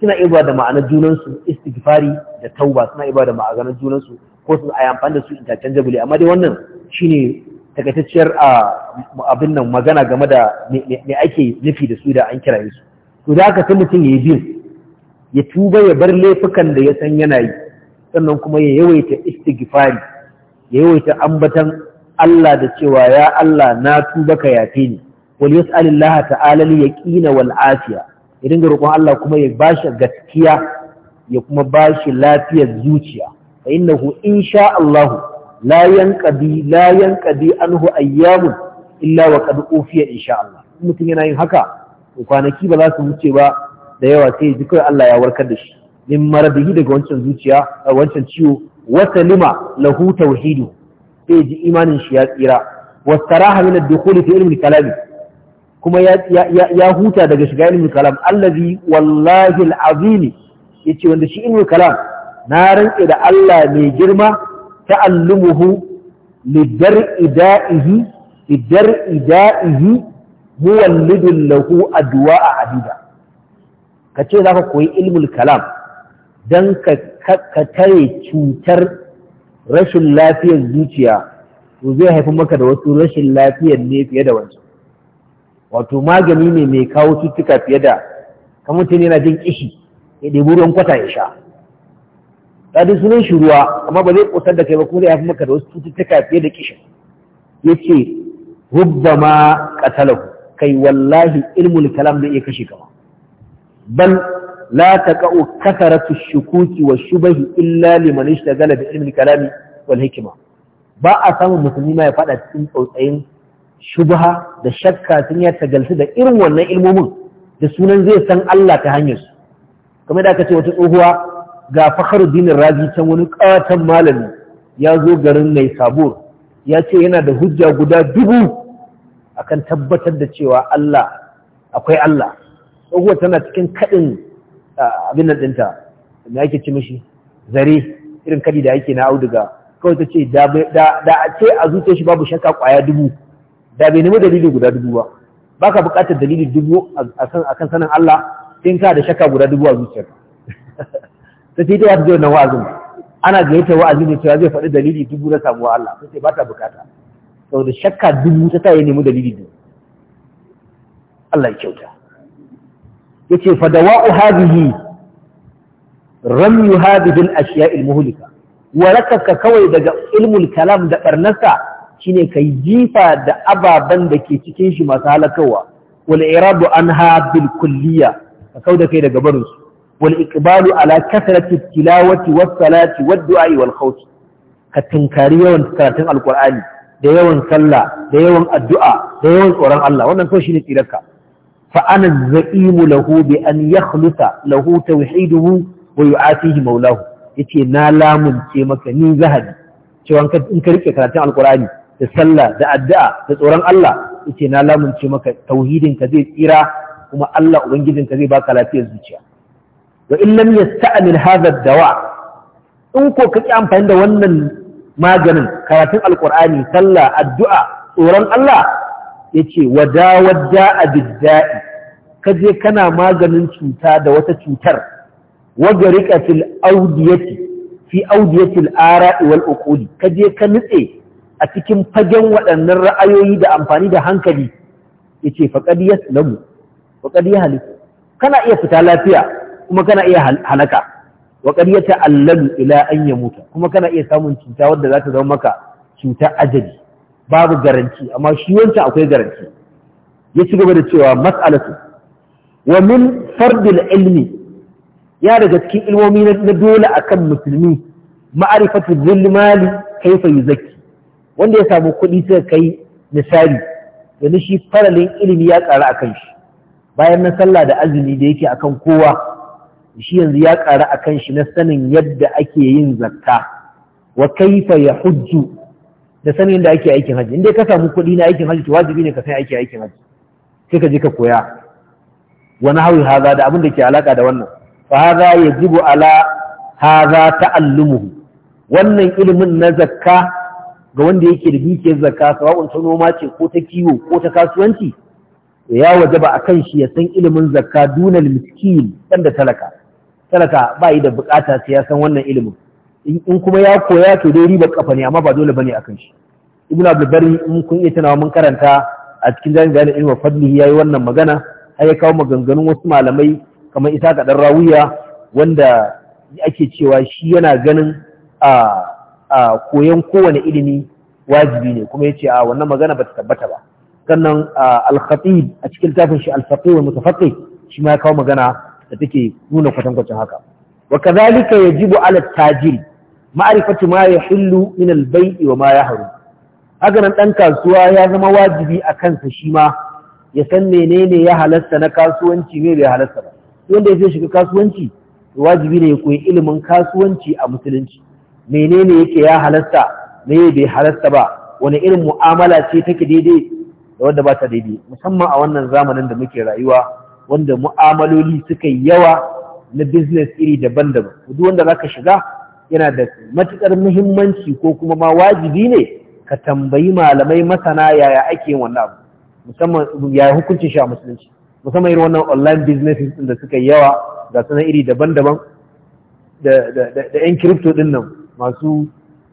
suna iya da ma'anar junansu istighfari da tauba suna iya da ma'anar junansu ko su a amfani da su jabuli amma dai wannan shine takaitacciyar abin nan magana game da me ake nufi da su da an kiraye su to da aka san mutum ya yi bin ya tuba ya bar laifukan da ya san yana yi sannan kuma ya yawaita istighfari ya yawaita ambatan Allah da cewa ya Allah na tuba ka yafe ni wal yas'alillaha ta'ala li yaqina wal afiya ya dinga roƙon Allah kuma ya bashi gaskiya ya kuma bashi lafiyar zuciya fa innahu insha Allah la yanqadi la yanqadi anhu ayyamun illa wa qad ufiya insha Allah mutum yana yin haka kwanaki ba za su wuce ba da yawa sai ji kai Allah ya warkar da shi min maradihi daga wancan zuciya wancan ciwo wa salima lahu tauhidu sai ji imanin shi ya tsira wastaraha min ad-dukhuli fi ilmi al kuma ya huta daga shiga ilmi al-kalam allazi wallahi al-azim yace wanda shi ilmi kalam na rantse da Allah mai girma ta'allumuhu lidar ida'ihi lidar ida'ihi lahu addu'a a adida kace zaka koyi ilmin kalam dan ka tare cutar rashin lafiyar zuciya to zai haifi maka da wasu rashin lafiyar ne fiye da wancan wato magani ne mai kawo cutuka fiye da kan mutum yana jin kishi ya ɗebi ruwan kwata ya sha ɗadi sunan shi ruwa amma ba zai kusa da kai ba kuma zai haifi maka da wasu cututtuka fiye da kishin ya ce rubba ma ƙatalahu kai wallahi ilmul kalam zai iya kashe kama bal la taqa'u kasaratu shukuki wa illa liman ishtagala bi ilmi ba a samun musulmi ma ya fada cikin tsautsayin shubha da shakka sun ya tagalsu da irin wannan ilmomin da sunan zai san Allah ta hanyar su kamar da aka ce wata tsohuwa ga Fakhruddin Razi can wani kawatan malami ya zo garin mai sabur ya ce yana da hujja guda dubu akan tabbatar da cewa Allah akwai Allah tsohuwa tana cikin kaɗin abin nan dinta me yake ci mishi zare irin kadi da yake na auduga kawai ta ce da a ce a zuce shi babu shakka kwaya dubu da bai nemi dalili guda dubu ba ba ka buƙatar dalili dubu a kan sanin Allah in ka da shakka guda dubu a zuciyar ta ce ta wata wannan wa'azin ana gayyata wa'azin ne cewa zai faɗi dalili dubu na samuwa Allah ta ce ba ta buƙata saboda shakka dubu ta sa ya nemi dalili dubu Allah ya kyauta yace fa dawa'u hadhihi ramyu hadhihi al-ashya' al-muhlika warakaka kawai daga ilmul kalam da barnasa shine kai jifa da ababan da ke cikin shi masu halakawa wal iradu anha bil kulliya ka kauda kai daga barin su wal iqbalu ala kasrati tilawati was salati wad du'a wal khawf ka tinkari yawan karatun alqur'ani da yawan sallah da yawan addu'a da yawan tsoron Allah wannan to shine tsirarka فأنا الزعيم له بأن يخلص له توحيده maulahu. مولاه yace na lamunce maka ni zahabi cewa in ka rike karatun alkurani da sallah da addu'a da tsoron Allah yace na lamunce maka tauhidin ka zai tsira kuma Allah ubangijin ka zai baka lafiyar zuciya wa in lam yasta'mil hadha dawa in ko ka ki amfani da wannan maganin karatun alkurani sallah addu'a tsoron Allah yace wadawad da'a bidda'i kaje kana maganin cuta da wata cutar wagarikatil audiyati fi audiyatil ara'i wal uquli kaje ka nitse a cikin fagen waɗannan ra'ayoyi da amfani da hankali yace faqad yaslamu faqad yahlik kana iya fita lafiya kuma kana iya halaka waƙar ya ta'allalu ila an ya kuma kana iya samun cuta wadda za ta zama maka cuta ajali babu garanti amma shi wancan akwai garanti ya ci gaba da cewa matsalatu wa min fardil ilmi ya daga cikin ilmomi na dole akan musulmi ma'arifatu zulmali kaifa yuzaki. wanda ya samu kuɗi sai kai misali yanzu shi faralin ilimi ya ƙara akan shi bayan na sallah da azumi da yake akan kowa shi yanzu ya ƙara akan shi na sanin yadda ake yin zakka wa kaifa ya hujju da sanin da ake aikin hajji inda ka samu kuɗi na aikin hajji to wajibi ne ka san aiki aikin hajji sai ka je ka koya wani hawi haza da abin da ke alaka da wannan fa haza yajibu ala haza ta'allumuhu wannan ilimin na zakka ga wanda yake da dukiyar zakka sawa'un ta noma ce ko ta kiwo ko ta kasuwanci ya wajaba akan shi ya san ilimin zakka dunal miskin dan da talaka talaka ba yi da bukata sai ya san wannan ilimin in kuma ya koya to dai riba kafa ne amma ba dole bane akan shi ibnu Abdulbari, in kun iya tunawa mun karanta a cikin jami'in da ilmi fadli yayi wannan magana har ya kawo maganganun wasu malamai kamar isa kadan dan rawiya wanda ake cewa shi yana ganin a a koyon kowane ilimi wajibi ne kuma yace a wannan magana bata tabbata ba sannan al-khatib a cikin tafin shi al-faqih wal mutafaqih shi ma ya kawo magana da take nuna kwatankwacin haka wa kadhalika yajibu ala tajiri ma'arifatu ma ya min al-bai'i wa ma yahrum haka nan dan kasuwa ya zama wajibi a kansa shi ma ya san menene ya halasta na kasuwanci me bai halasta ba wanda ya shiga kasuwanci wajibi ne ya koyi ilimin kasuwanci a musulunci menene yake ya halasta me bai halasta ba wani irin mu'amala ce take daidai da wanda ba ta daidai musamman a wannan zamanin da muke rayuwa wanda mu'amaloli suka yi yawa na business iri daban-daban duk wanda zaka shiga yana da matuƙar muhimmanci ko kuma ma wajibi ne ka tambayi malamai masana yaya ake yin wannan abu musamman yaya hukuncin shi a musulunci musamman irin wannan online businesses din da suka yi yawa ga suna iri daban-daban da da da yan crypto din nan masu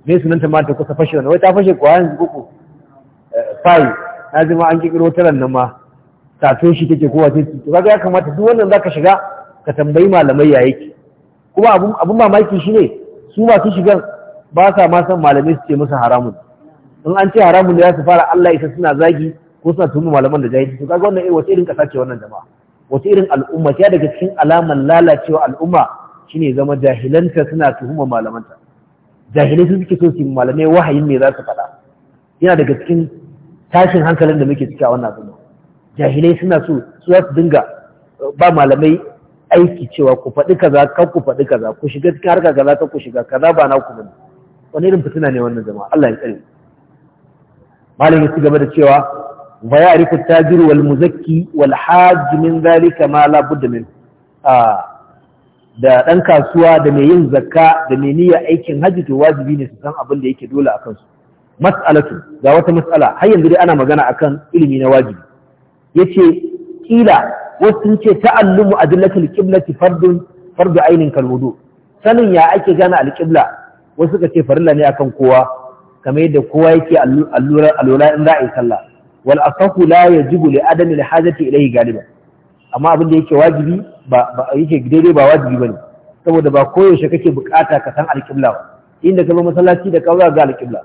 me sunan ta mata ta kusa fashe wannan wai ta fashe kwa yanzu kuku eh, fai na zama an kikiro taran nan ma tato shi take kowa ce to kaga ya kamata duk wannan zaka shiga ka tambayi malamai yaya yake kuma abun mamaki shi ne. su masu shigar ba sa ma san malamai su ce musu haramun in an ce haramun da za su fara Allah isa suna zagi ko suna tumi malaman da jahilci to kaga wannan wace irin kasa ce wannan jama'a wace irin al'umma ta daga cikin alaman lalacewa al'umma shine zama jahilanta suna tuhuma malamanta jahilai su suke so su malamai wahayin me za su faɗa yana daga cikin tashin hankalin da muke ciki a wannan zama jahilai suna so su za su dinga ba malamai aiki cewa ku faɗi kaza kan ku faɗi kaza ku shiga cikin harka kaza kan ku shiga kaza ba na ku bane wani irin fitina ne wannan jama'a Allah ya tsare malam ya ci gaba da cewa wa ya'rifu tajiru wal muzakki wal hajj min zalika ma la budda min da dan kasuwa da mai yin zakka da mai niyya aikin haji to wajibi ne su san abin da yake dole akan su mas'alatu ga wata mas'ala har yanzu dai ana magana akan ilimi na wajibi yace kila wasu ce ta'allumu a qiblati fardun fardu ainihin kal sanin ya ake gane alƙibla. wasu ka ce farilla ne akan kowa kamar yadda kowa yake allura alwala in a yi sallah wal asahu la yajibu li adami al hajati ilayhi galiba amma abin da yake wajibi ba yake daidai ba wajibi bane saboda ba koyaushe kake bukata ka san alƙibla ba inda ka zo masallaci da ka ga Ba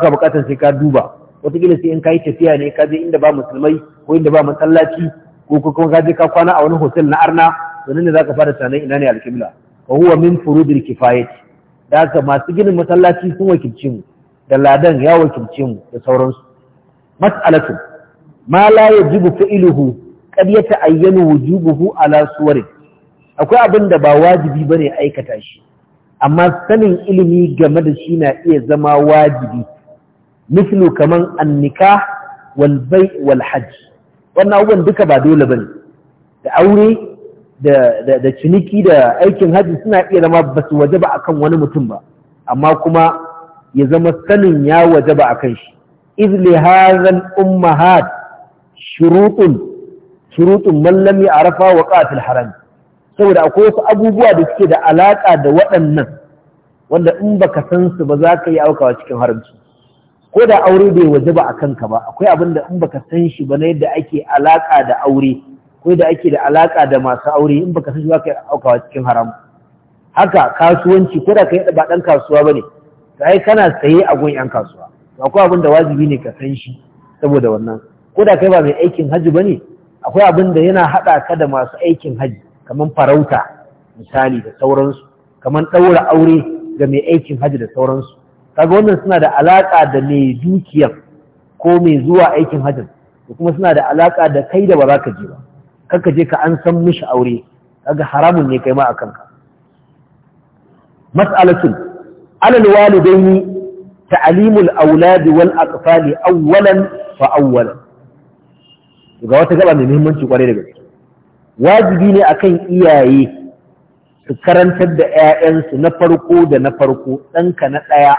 baka bukatar sai ka duba wataƙila sai in ka yi tafiya ne ka je inda ba musulmai ko inda ba masallaci ko kuma ka ka kwana a wani hotel na arna to ne zaka fara tunanin ina ne alkibla wa huwa min furudil kifayati da masu ginin masallaci sun wakilce mu da ladan ya wakilce mu da sauransu mas'alatu ma la yajibu fa'iluhu qad yata'ayyanu wujubuhu ala suwarin akwai abin da ba wajibi bane aikata shi amma sanin ilimi game da shi na iya zama wajibi mislu kaman annika wal bay' wal hajj wannan abubuwan duka ba dole ne. da aure da ciniki da aikin haji suna iya zama ba su waje ba akan wani mutum ba amma kuma ya zama sanin ya waje ba akan shi izli umma had shurutun shurutun man lam ya'rafa waqatil haram saboda akwai wasu abubuwa da suke da alaƙa da waɗannan wanda in baka san su ba za ka yi aukawa cikin haramci ko da aure bai waje ba a kanka ba akwai abin da in baka san shi ba na yadda ake alaka da aure ko yadda ake da alaka da masu aure in baka san shi ba ka aukawa cikin haram haka kasuwanci ko da kai ba dan kasuwa bane kai kana saye a gun yan kasuwa akwai abin da wajibi ne ka san shi saboda wannan ko da kai ba mai aikin haji bane akwai abin da yana haɗa ka da masu aikin haji kamar farauta misali da sauransu kamar ɗaura aure ga mai aikin haji da sauransu kaga wannan suna da alaƙa da mai dukiyar ko mai zuwa aikin hajjin da kuma suna da alaƙa da kai da ba za ka je ba kaka je ka an san mishi aure kaga haramun ne kai ma a kanka mas'alatun alal walidaini ta'limul auladi wal aqfali awwalan fa awwalan ga wata gaba mai muhimmanci kwarai da gaske wajibi ne akan iyaye su karantar da 'ya'yansu na farko da na farko ɗanka na ɗaya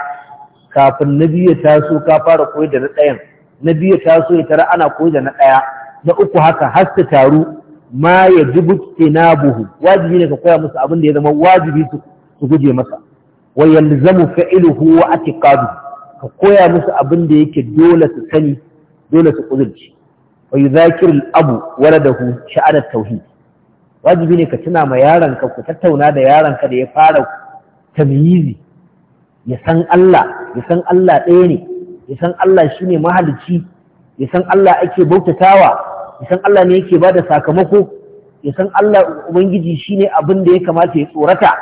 kafin na biyu taso ka fara koyar da na ɗayan na biyu ya taso ya tara ana koyar da na ɗaya na uku haka har ta taru ma ya jibu buhu. wajibi ne ka koya musu abin da ya zama wajibi su guje masa wa yalzamu fa'iluhu wa atiqadu ka koya musu abin da yake dole su sani dole su kuzurci wa yuzakir al-abu waladahu sha'an tauhid wajibi ne ka tuna ma yaranka ku tattauna da yaranka da ya fara tamyizi ya san Allah ya san Allah ɗaya ne ya san Allah ne mahalicci ya san Allah ake bautatawa ya san Allah ne yake bada sakamako ya san Allah ubangiji ne abin da ya kamata ya tsorata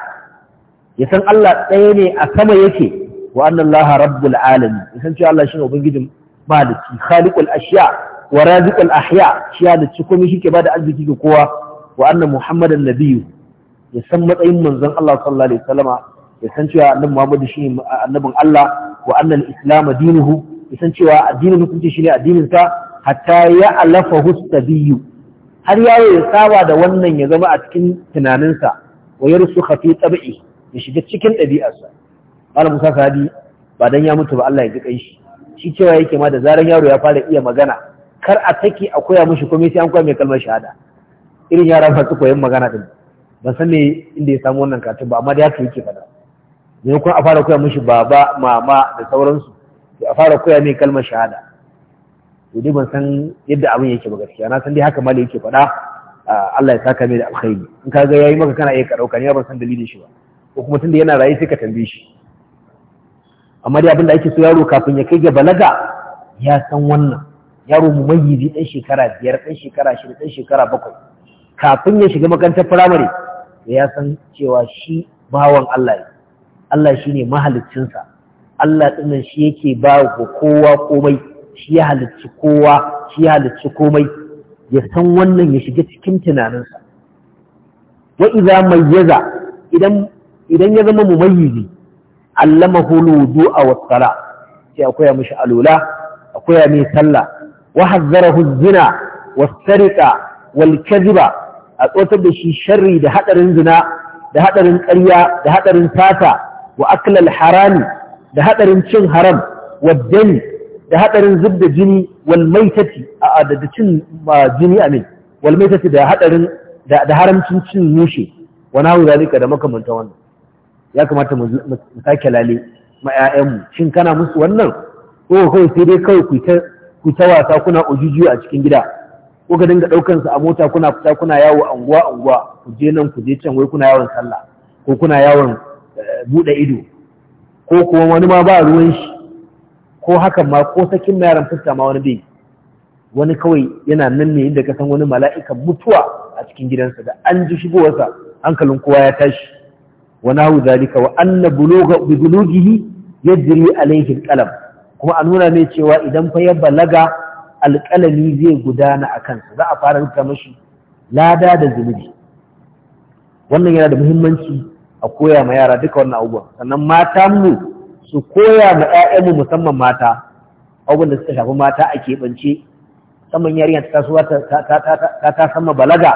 ya san Allah ɗaya ne a sama yake wa annallaha rabbul alamin ya san cewa Allah shine ubangijin maliki khaliqul ashiya wa raziqul ahya shi ya da komai shi ke bada arziki ga kowa wa anna muhammadan nabiyyu ya san matsayin manzon Allah sallallahu alaihi wasallama ya san cewa annabi Muhammadu shine annabin Allah wa annal islam dinuhu ya san cewa addinin musulunci shine addinin sa hatta ya alafa hustabiyu har ya ya saba da wannan ya zama a cikin tunaninsa wa yarsukha khafi tabi'i ya shiga cikin ɗabi'arsa malam Musa Sadi ba dan ya mutu ba Allah ya ji kai shi shi cewa yake ma da zaran yaro ya fara iya magana kar a take a koya mishi komai sai an koya mai kalmar shahada irin yara su koyon magana din ban san me inda ya samu wannan karatun ba amma da yake yake fada ne kuma a fara koya mishi baba mama da sauransu a fara koya mai kalmar shahada to dai ban san yadda abin yake ba gaskiya na san dai haka mali yake faɗa Allah ya saka mai da alkhairi in ka ga yayi maka kana iya ka dauka ne ban san dalilin shi ba ko kuma tunda yana rayu sai ka tambaye shi amma dai abin da ake so yaro kafin ya kai ga balaga ya san wannan yaro mu dan shekara biyar dan shekara shida dan shekara bakwai kafin ya shiga makarantar firamare ya san cewa shi bawan Allah ne Allah shine mahaliccinsa Allah ɗinnan shi yake ba wa kowa komai shi ya halicci kowa shi ya halicci komai ya san wannan ya shiga cikin tunaninsa wa mai yaza. idan idan ya zama mu mumayyizi allamahu alwudu'a was-sala sai akwai mishi alula akwai mai sallah wa hazzarahu az wa was wal a tsotar da shi sharri da haɗarin zina da haɗarin ƙarya da haɗarin sata wa aklal harami da hadarin cin haram wa dani da hadarin zubda jini wal maitati a adadin cin jini amin wal maitati da hadarin da haramcin cin mushe wa nahu zalika da makamanta wannan ya kamata mu sake lale ma mu shin kana musu wannan ko kawai sai dai kawai ku ta ku ta wasa kuna ujuju a cikin gida ko ka dinga daukan su a mota kuna fita kuna yawo anguwa anguwa ku je nan ku je can wai kuna yawon sallah ko kuna yawon buɗe ido ko kuma wani ma ba ruwan shi ko hakan ma ko sakin yaran fuska ma wani bai wani kawai yana nan ne inda ka san wani mala'ikan mutuwa a cikin gidansa da an ji shigowarsa hankalin kowa ya tashi wa hau zalika wa anna bulugha bi bulughihi yajri alayhi alqalam kuma a nuna ne cewa idan fa ya balaga alqalami zai gudana a kansa za a fara rubuta mashi lada da zunubi wannan yana da muhimmanci a koya ma yara duka wannan abubuwan sannan mata mu su koya ma ƴaƴanmu musamman mata abubuwan da suka shafi mata a keɓance saman yarinya ta tasowa ta ta sama balaga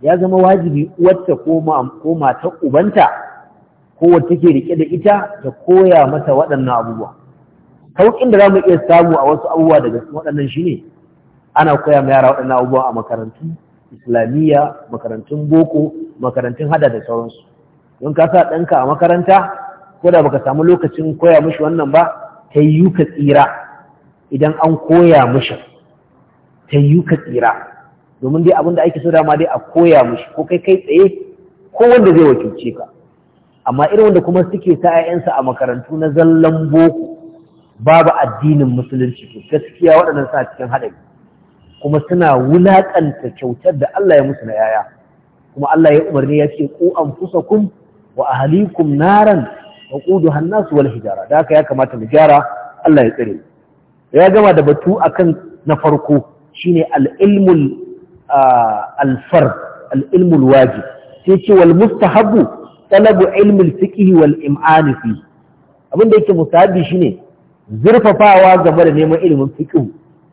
ya zama wajibi uwarta ko mata ubanta ko wacce take rike da ita ta koya mata waɗannan abubuwa sauƙin da za mu iya samu a wasu abubuwa daga waɗannan shine ana koya ma yara waɗannan abubuwa a makarantu islamiyya makarantun boko makarantun hada da sauransu don ka sa ɗanka a makaranta ko da baka samu lokacin koya mishi wannan ba ta yi ka tsira idan an koya mishi ta yi ka tsira domin dai abinda ake so dama dai a koya mishi ko kai kai tsaye ko wanda zai wakilce ka amma irin wanda kuma suke sa 'ya'yansa a makarantu na zallan boko babu addinin musulunci to gaskiya waɗannan suna cikin haɗari kuma suna wulaƙanta kyautar da Allah ya musu na yaya kuma Allah ya umarni ya ce ku anfusakum wa ahalikum naran waquduha an-nas wal hijara da haka ya kamata mu gyara Allah ya tsare ya gama da batu akan na farko shine al-ilmul al-fard al-ilmul wajib sai ce wal mustahabu talabu ilmul fiqh wal im'an fi abinda yake mustahabi shine zurfafawa game da neman ilimin fiqh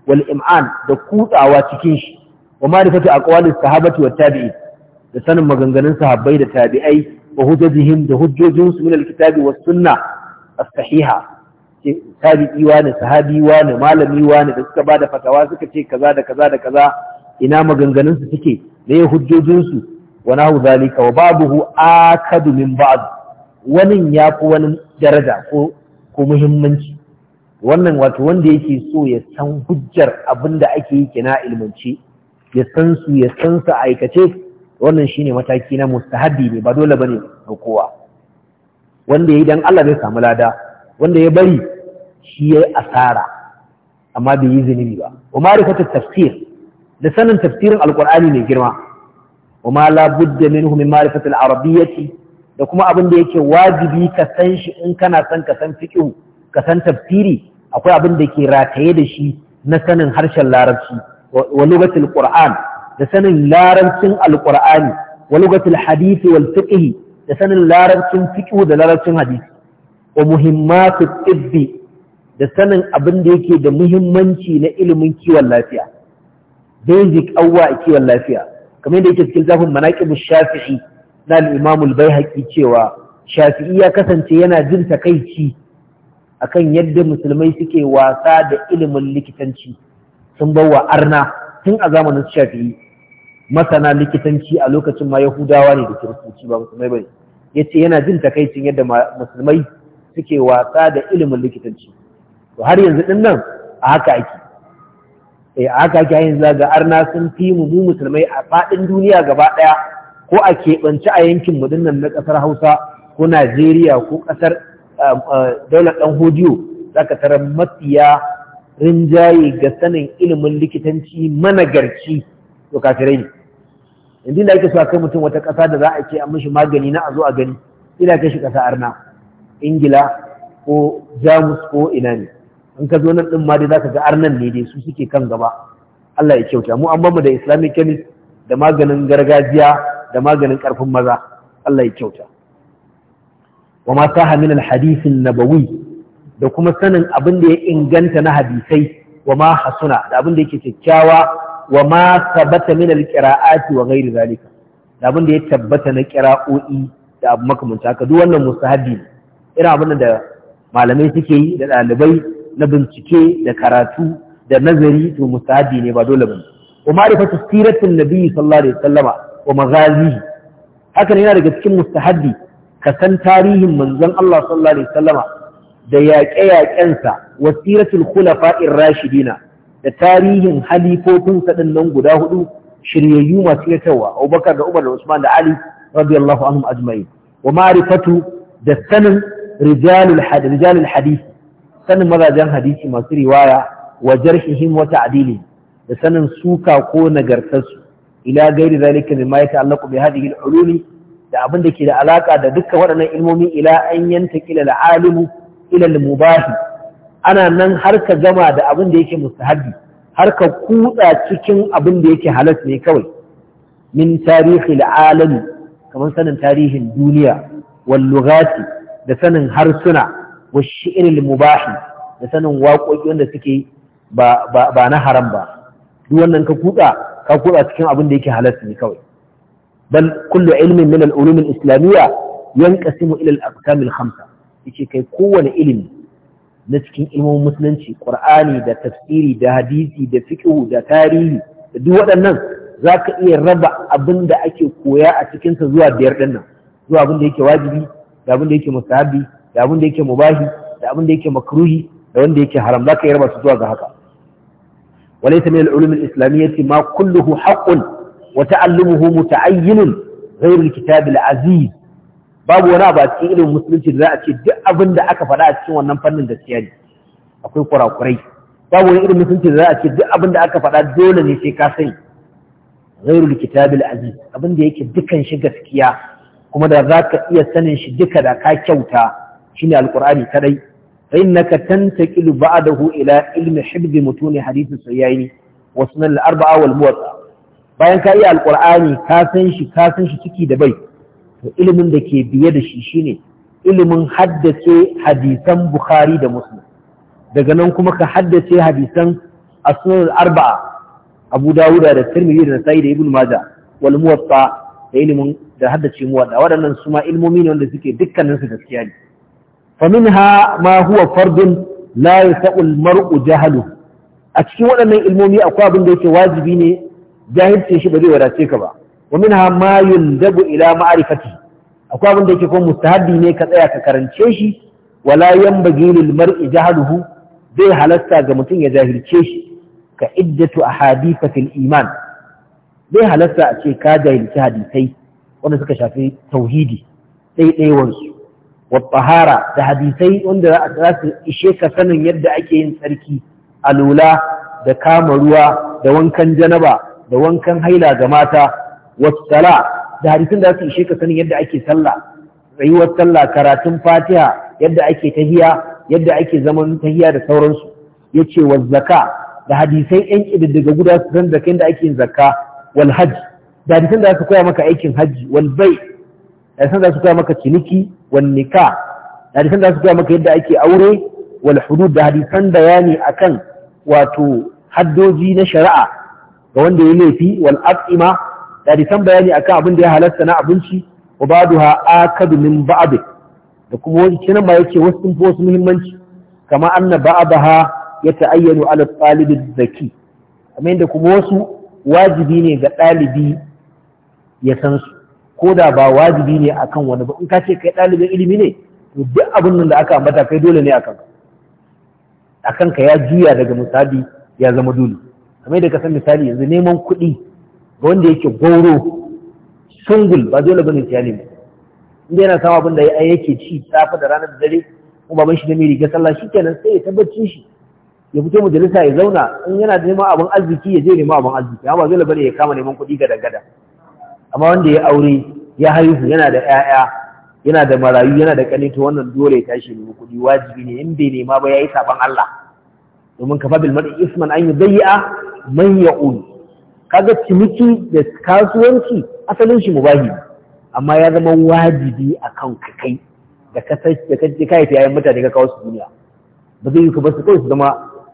wal im'an da kutsawa cikin shi wa ma'rifatu aqwalis sahabati wat tabi'in da sanin maganganun sahabbai da tabi'ai wa hujjajihim da hujjojinsu min alkitabi was sunna as-sahiha tabi'i wani sahabi wani malami wani da bada fatawa suka ce kaza da kaza da kaza ina maganganun su suke da ya hujjojin su wa nahu zalika wa babuhu akadu min ba'd wani ya fi wani daraja ko muhimmanci wannan wato wanda yake so ya san hujjar abinda ake yi kina ilmanci ya san su ya san su aikace wannan shine mataki na mustahabi ne ba dole bane ga kowa wanda yayi dan Allah zai samu lada wanda ya bari shi yayi asara amma bai yi zunubi ba wa ma'rifatu tafsir da sanin tafsirin alqur'ani ne girma wa ma la budda minhu min ma'rifati al-arabiyyati da kuma abin da yake wajibi ka san shi in kana son ka san fiqh ka san tafsiri akwai abin da ke rataye da shi na sanin harshen larabci wa lugatul qur'an da sanin larabcin alqur'ani wa lugatul hadith wal fiqh da sanin larancin fiqh da larancin hadisi wa muhimmatut tibbi da sanin abin da yake da muhimmanci na ilimin kiwon lafiya basic awwa a kiwon lafiya kamar yadda yake cikin zafin manaqibu shafi'i na al-imam al-baihaqi cewa shafi'i ya kasance yana jin takaici akan yadda musulmai suke wasa da ilimin likitanci sun bawa arna tun a zamanin shafi'i masana likitanci a lokacin ma yahudawa ne da kiristoci ba musulmai bane yace yana jin takaicin yadda musulmai suke wasa da ilimin likitanci to har yanzu din nan a haka ake eh a haka ake yanzu ga arna sun fi mu mu musulmai a fadin duniya gaba daya ko a keɓance a yankin mu dinnan na kasar Hausa ko Najeriya ko kasar um, uh, daular dan hodiyo zaka tarar mafiya rinjaye ga sanin ilimin likitanci managarci to kafirai ne yanzu da ake so a kai mutum wata ƙasa da za a ce a mishi magani na a zo a gani ina kai shi ƙasa arna ingila ko jamus ko ina ne in ka zo nan ɗin ma dai za ka ga arnan ne dai su suke kan gaba Allah ya kyauta mu an bamu da islamic chemist da maganin gargajiya da maganin ƙarfin maza Allah ya kyauta wa ma saha al nabawi da kuma sanin abin da ya inganta na hadisai wa ma hasuna da abin da yake kyakkyawa wa ma sabata min alqira'ati wa ghairi zalika da abin da ya tabbata na qira'o'i da abu makamanta haka duk wannan mustahabi ne irin abin da malamai suke yi da ɗalibai na bincike da karatu da nazari to mustahabi ne ba dole bane wa ma'rifatu siratin nabi sallallahu alaihi wasallama wa maghazihi haka ne yana daga cikin mustahabi ka san tarihin manzon Allah sallallahu alaihi wasallama da yaƙe-yaƙensa wasiratul khulafa rashidina da tarihin halifofinsa ɗin nan guda hudu shiryayyu masu yatawa Abubakar da Umar da Usman da Ali radiyallahu anhum ajma'in wa ma'rifatu da sanin rijalul hadith rijalul hadith sanin mazajen hadisi masu riwaya wa jarhihim wa ta'dili da sanin suka ko nagartarsu ila gairi zalika mimma yata'allaqu bi hadhihi al-ulumi da abin da ke da alaka da dukkan waɗannan ilmomi ila an yantaqila al-alimu ila mubahi ana nan har ka gama da abin da yake mustahabi har ka kuda cikin abin da yake halas ne kawai min tarihi la'alanu kamar sanin tarihin duniya wal lughati da sanin harsuna wa shi'r al da sanin waƙoƙi wanda suke ba ba na haram ba duk wannan ka kuda ka kuda cikin abin da yake halas ne kawai bal kullu ilmin min al-ulum al-islamiyya yanqasimu ila al-aqsam al-khamsa yace kai kowane ilimi na cikin ilimin musulunci qur'ani da tafsiri da hadisi da fiqh da tarihi da duk waɗannan zaka iya raba abin da ake koya a cikin sa zuwa biyar din nan zuwa abin da yake wajibi da abin da yake mustahabi da abin da yake mubahi da abin da yake makruhi da wanda yake haram zaka iya raba su zuwa ga haka وليس من kulluhu الإسلامية ما كله حق وتعلمه متعين غير الكتاب aziz babu wani abu a cikin ilimin musulunci da za a ce duk abin da aka faɗa a cikin wannan fannin gaskiya ne akwai kurakurai babu wani ilimin musulunci da za a ce duk abin da aka faɗa dole ne sai ka sani ghairul al aziz abin da yake dukan shi gaskiya kuma da za ka iya sanin shi duka da ka kyauta shine alqur'ani kadai fa innaka tantaqilu ba'dahu ila ilmi hibbi mutuni hadithu sayyi wa sunan al-arba'a wal muwatta bayan ka iya alqur'ani ka san shi ka san shi ciki da bai to ilimin da ke biye da shi shine ilimin haddace hadisan bukhari da muslim daga nan kuma ka haddace hadisan as arbaa abu dawuda da tirmidhi da nasa'i da ibn majah wal muwatta da ilimin da haddace muwatta waɗannan su ma ilmomi ne wanda suke dukkanin su gaskiya ne fa minha ma huwa fardun la yasau maru jahluhu a cikin waɗannan ilmomi akwai abin da yake wajibi ne jahilcin shi ba zai wadace ka ba wa minha ma yundabu ila ma'rifati akwai abin da yake kuma mustahabbi ne ka tsaya ka karance shi wala yanbaghi lil mar'i jahluhu zai halasta ga mutum ya jahilce shi ka iddatu ahadithatil iman zai halasta a ce ka jahilci hadisai wanda suka shafi tauhidi ɗaiɗaiwansu wa tahara da hadisai wanda za su ishe ka sanin yadda ake yin tsarki alula da kama ruwa da wankan janaba da wankan haila ga mata wasala da hadisin da su ishe ka sanin yadda ake sallah tsayuwar sallah karatun fatiha yadda ake tahiya yadda ake zaman tahiya da sauransu yace wa zaka da hadisai yan kididdiga guda su san zakin da ake yin zakka wal hajj da hadisan da su koya maka aikin hajji wal bai da hadisan da su koya maka ciniki wal nikah da hadisan da su koya maka yadda ake aure wal hudud da hadisan bayani akan wato haddoji na shari'a ga wanda ya laifi wal aqima da disan bayani akan abin da ya halasta na abinci wa baduha akadu min ba'd da kuma wani kinan ma yake wasu sun wasu muhimmanci kama anna ba'daha yata'ayyanu ala talibi zaki amma yadda kuma wasu wajibi ne ga ɗalibi ya san su ko da ba wajibi ne akan wani ba in ka ce kai ɗalibin ilimi ne to duk abin nan da aka ambata kai dole ne akan akan ka ya juya daga misali ya zama dole kamar yadda ka san misali yanzu neman kuɗi ga wanda yake goro sungul ba dole bane ya nemi inda yana samu abin da ya yake ci safa da ranar dare kuma baban shi da mai riga sallah shikenan sai ya tabbacin shi ya fito majalisa ya zauna in yana neman abin arziki ya je neman abin arziki amma dole bane ya kama neman kuɗi gada gada amma wanda ya aure ya haihu yana da ƴaƴa yana da marayu yana da kanito wannan dole ya tashi neman kuɗi wajibi ne in bai nema ba ya yi saban Allah domin kafa bil isman an yudayya man ya'ulu kaga ciniki da kasuwanci asalin shi mubahi amma ya zama wajibi kan ka kai da ka da ka je kai yayin mutane ka kawo su duniya ba zai yi ka ba su su zama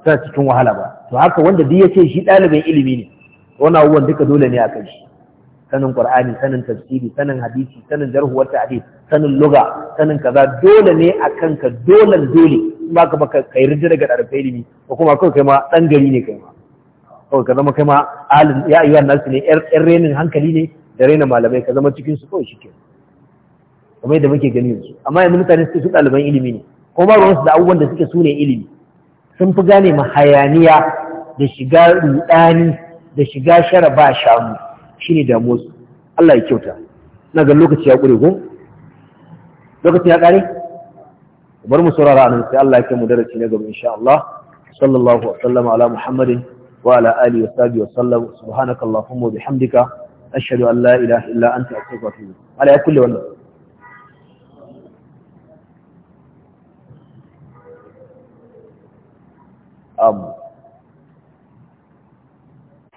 suna cikin wahala ba to haka wanda duk yace shi ɗalibin ilimi ne wannan abubuwan duka dole ne a kai shi sanin qur'ani sanin tafsiri sanin hadisi sanin jarhu wa ta'dil sanin lugha sanin kaza dole ne a kanka, dole dole ba ka kai rinda daga ɗalibin ilimi ko kuma kai ma ɗan gari ne kai ma kawai ka zama kai ma alin ya ayyuhan nasu ne yan renin hankali ne da rena malamai ka zama cikin su kawai shike kamar yadda muke gani yanzu amma yanzu mutane suke su ɗaliban ilimi ne ko ba ruwansu da abubuwan da suke su ne ilimi sun fi gane ma da shiga rudani da shiga shara ba shanu shine damuwar su Allah ya kyauta na ga lokaci ya kure ko lokaci ya kare bar mu saurara nan sai Allah ya kai mu darasi na gaba insha Allah sallallahu alaihi wa sallam ala muhammadin وعلى آله وصحبه وسلم سبحانك اللهم وبحمدك أشهد أن لا إله إلا أنت أستغفرك وأتوب على كل والله um,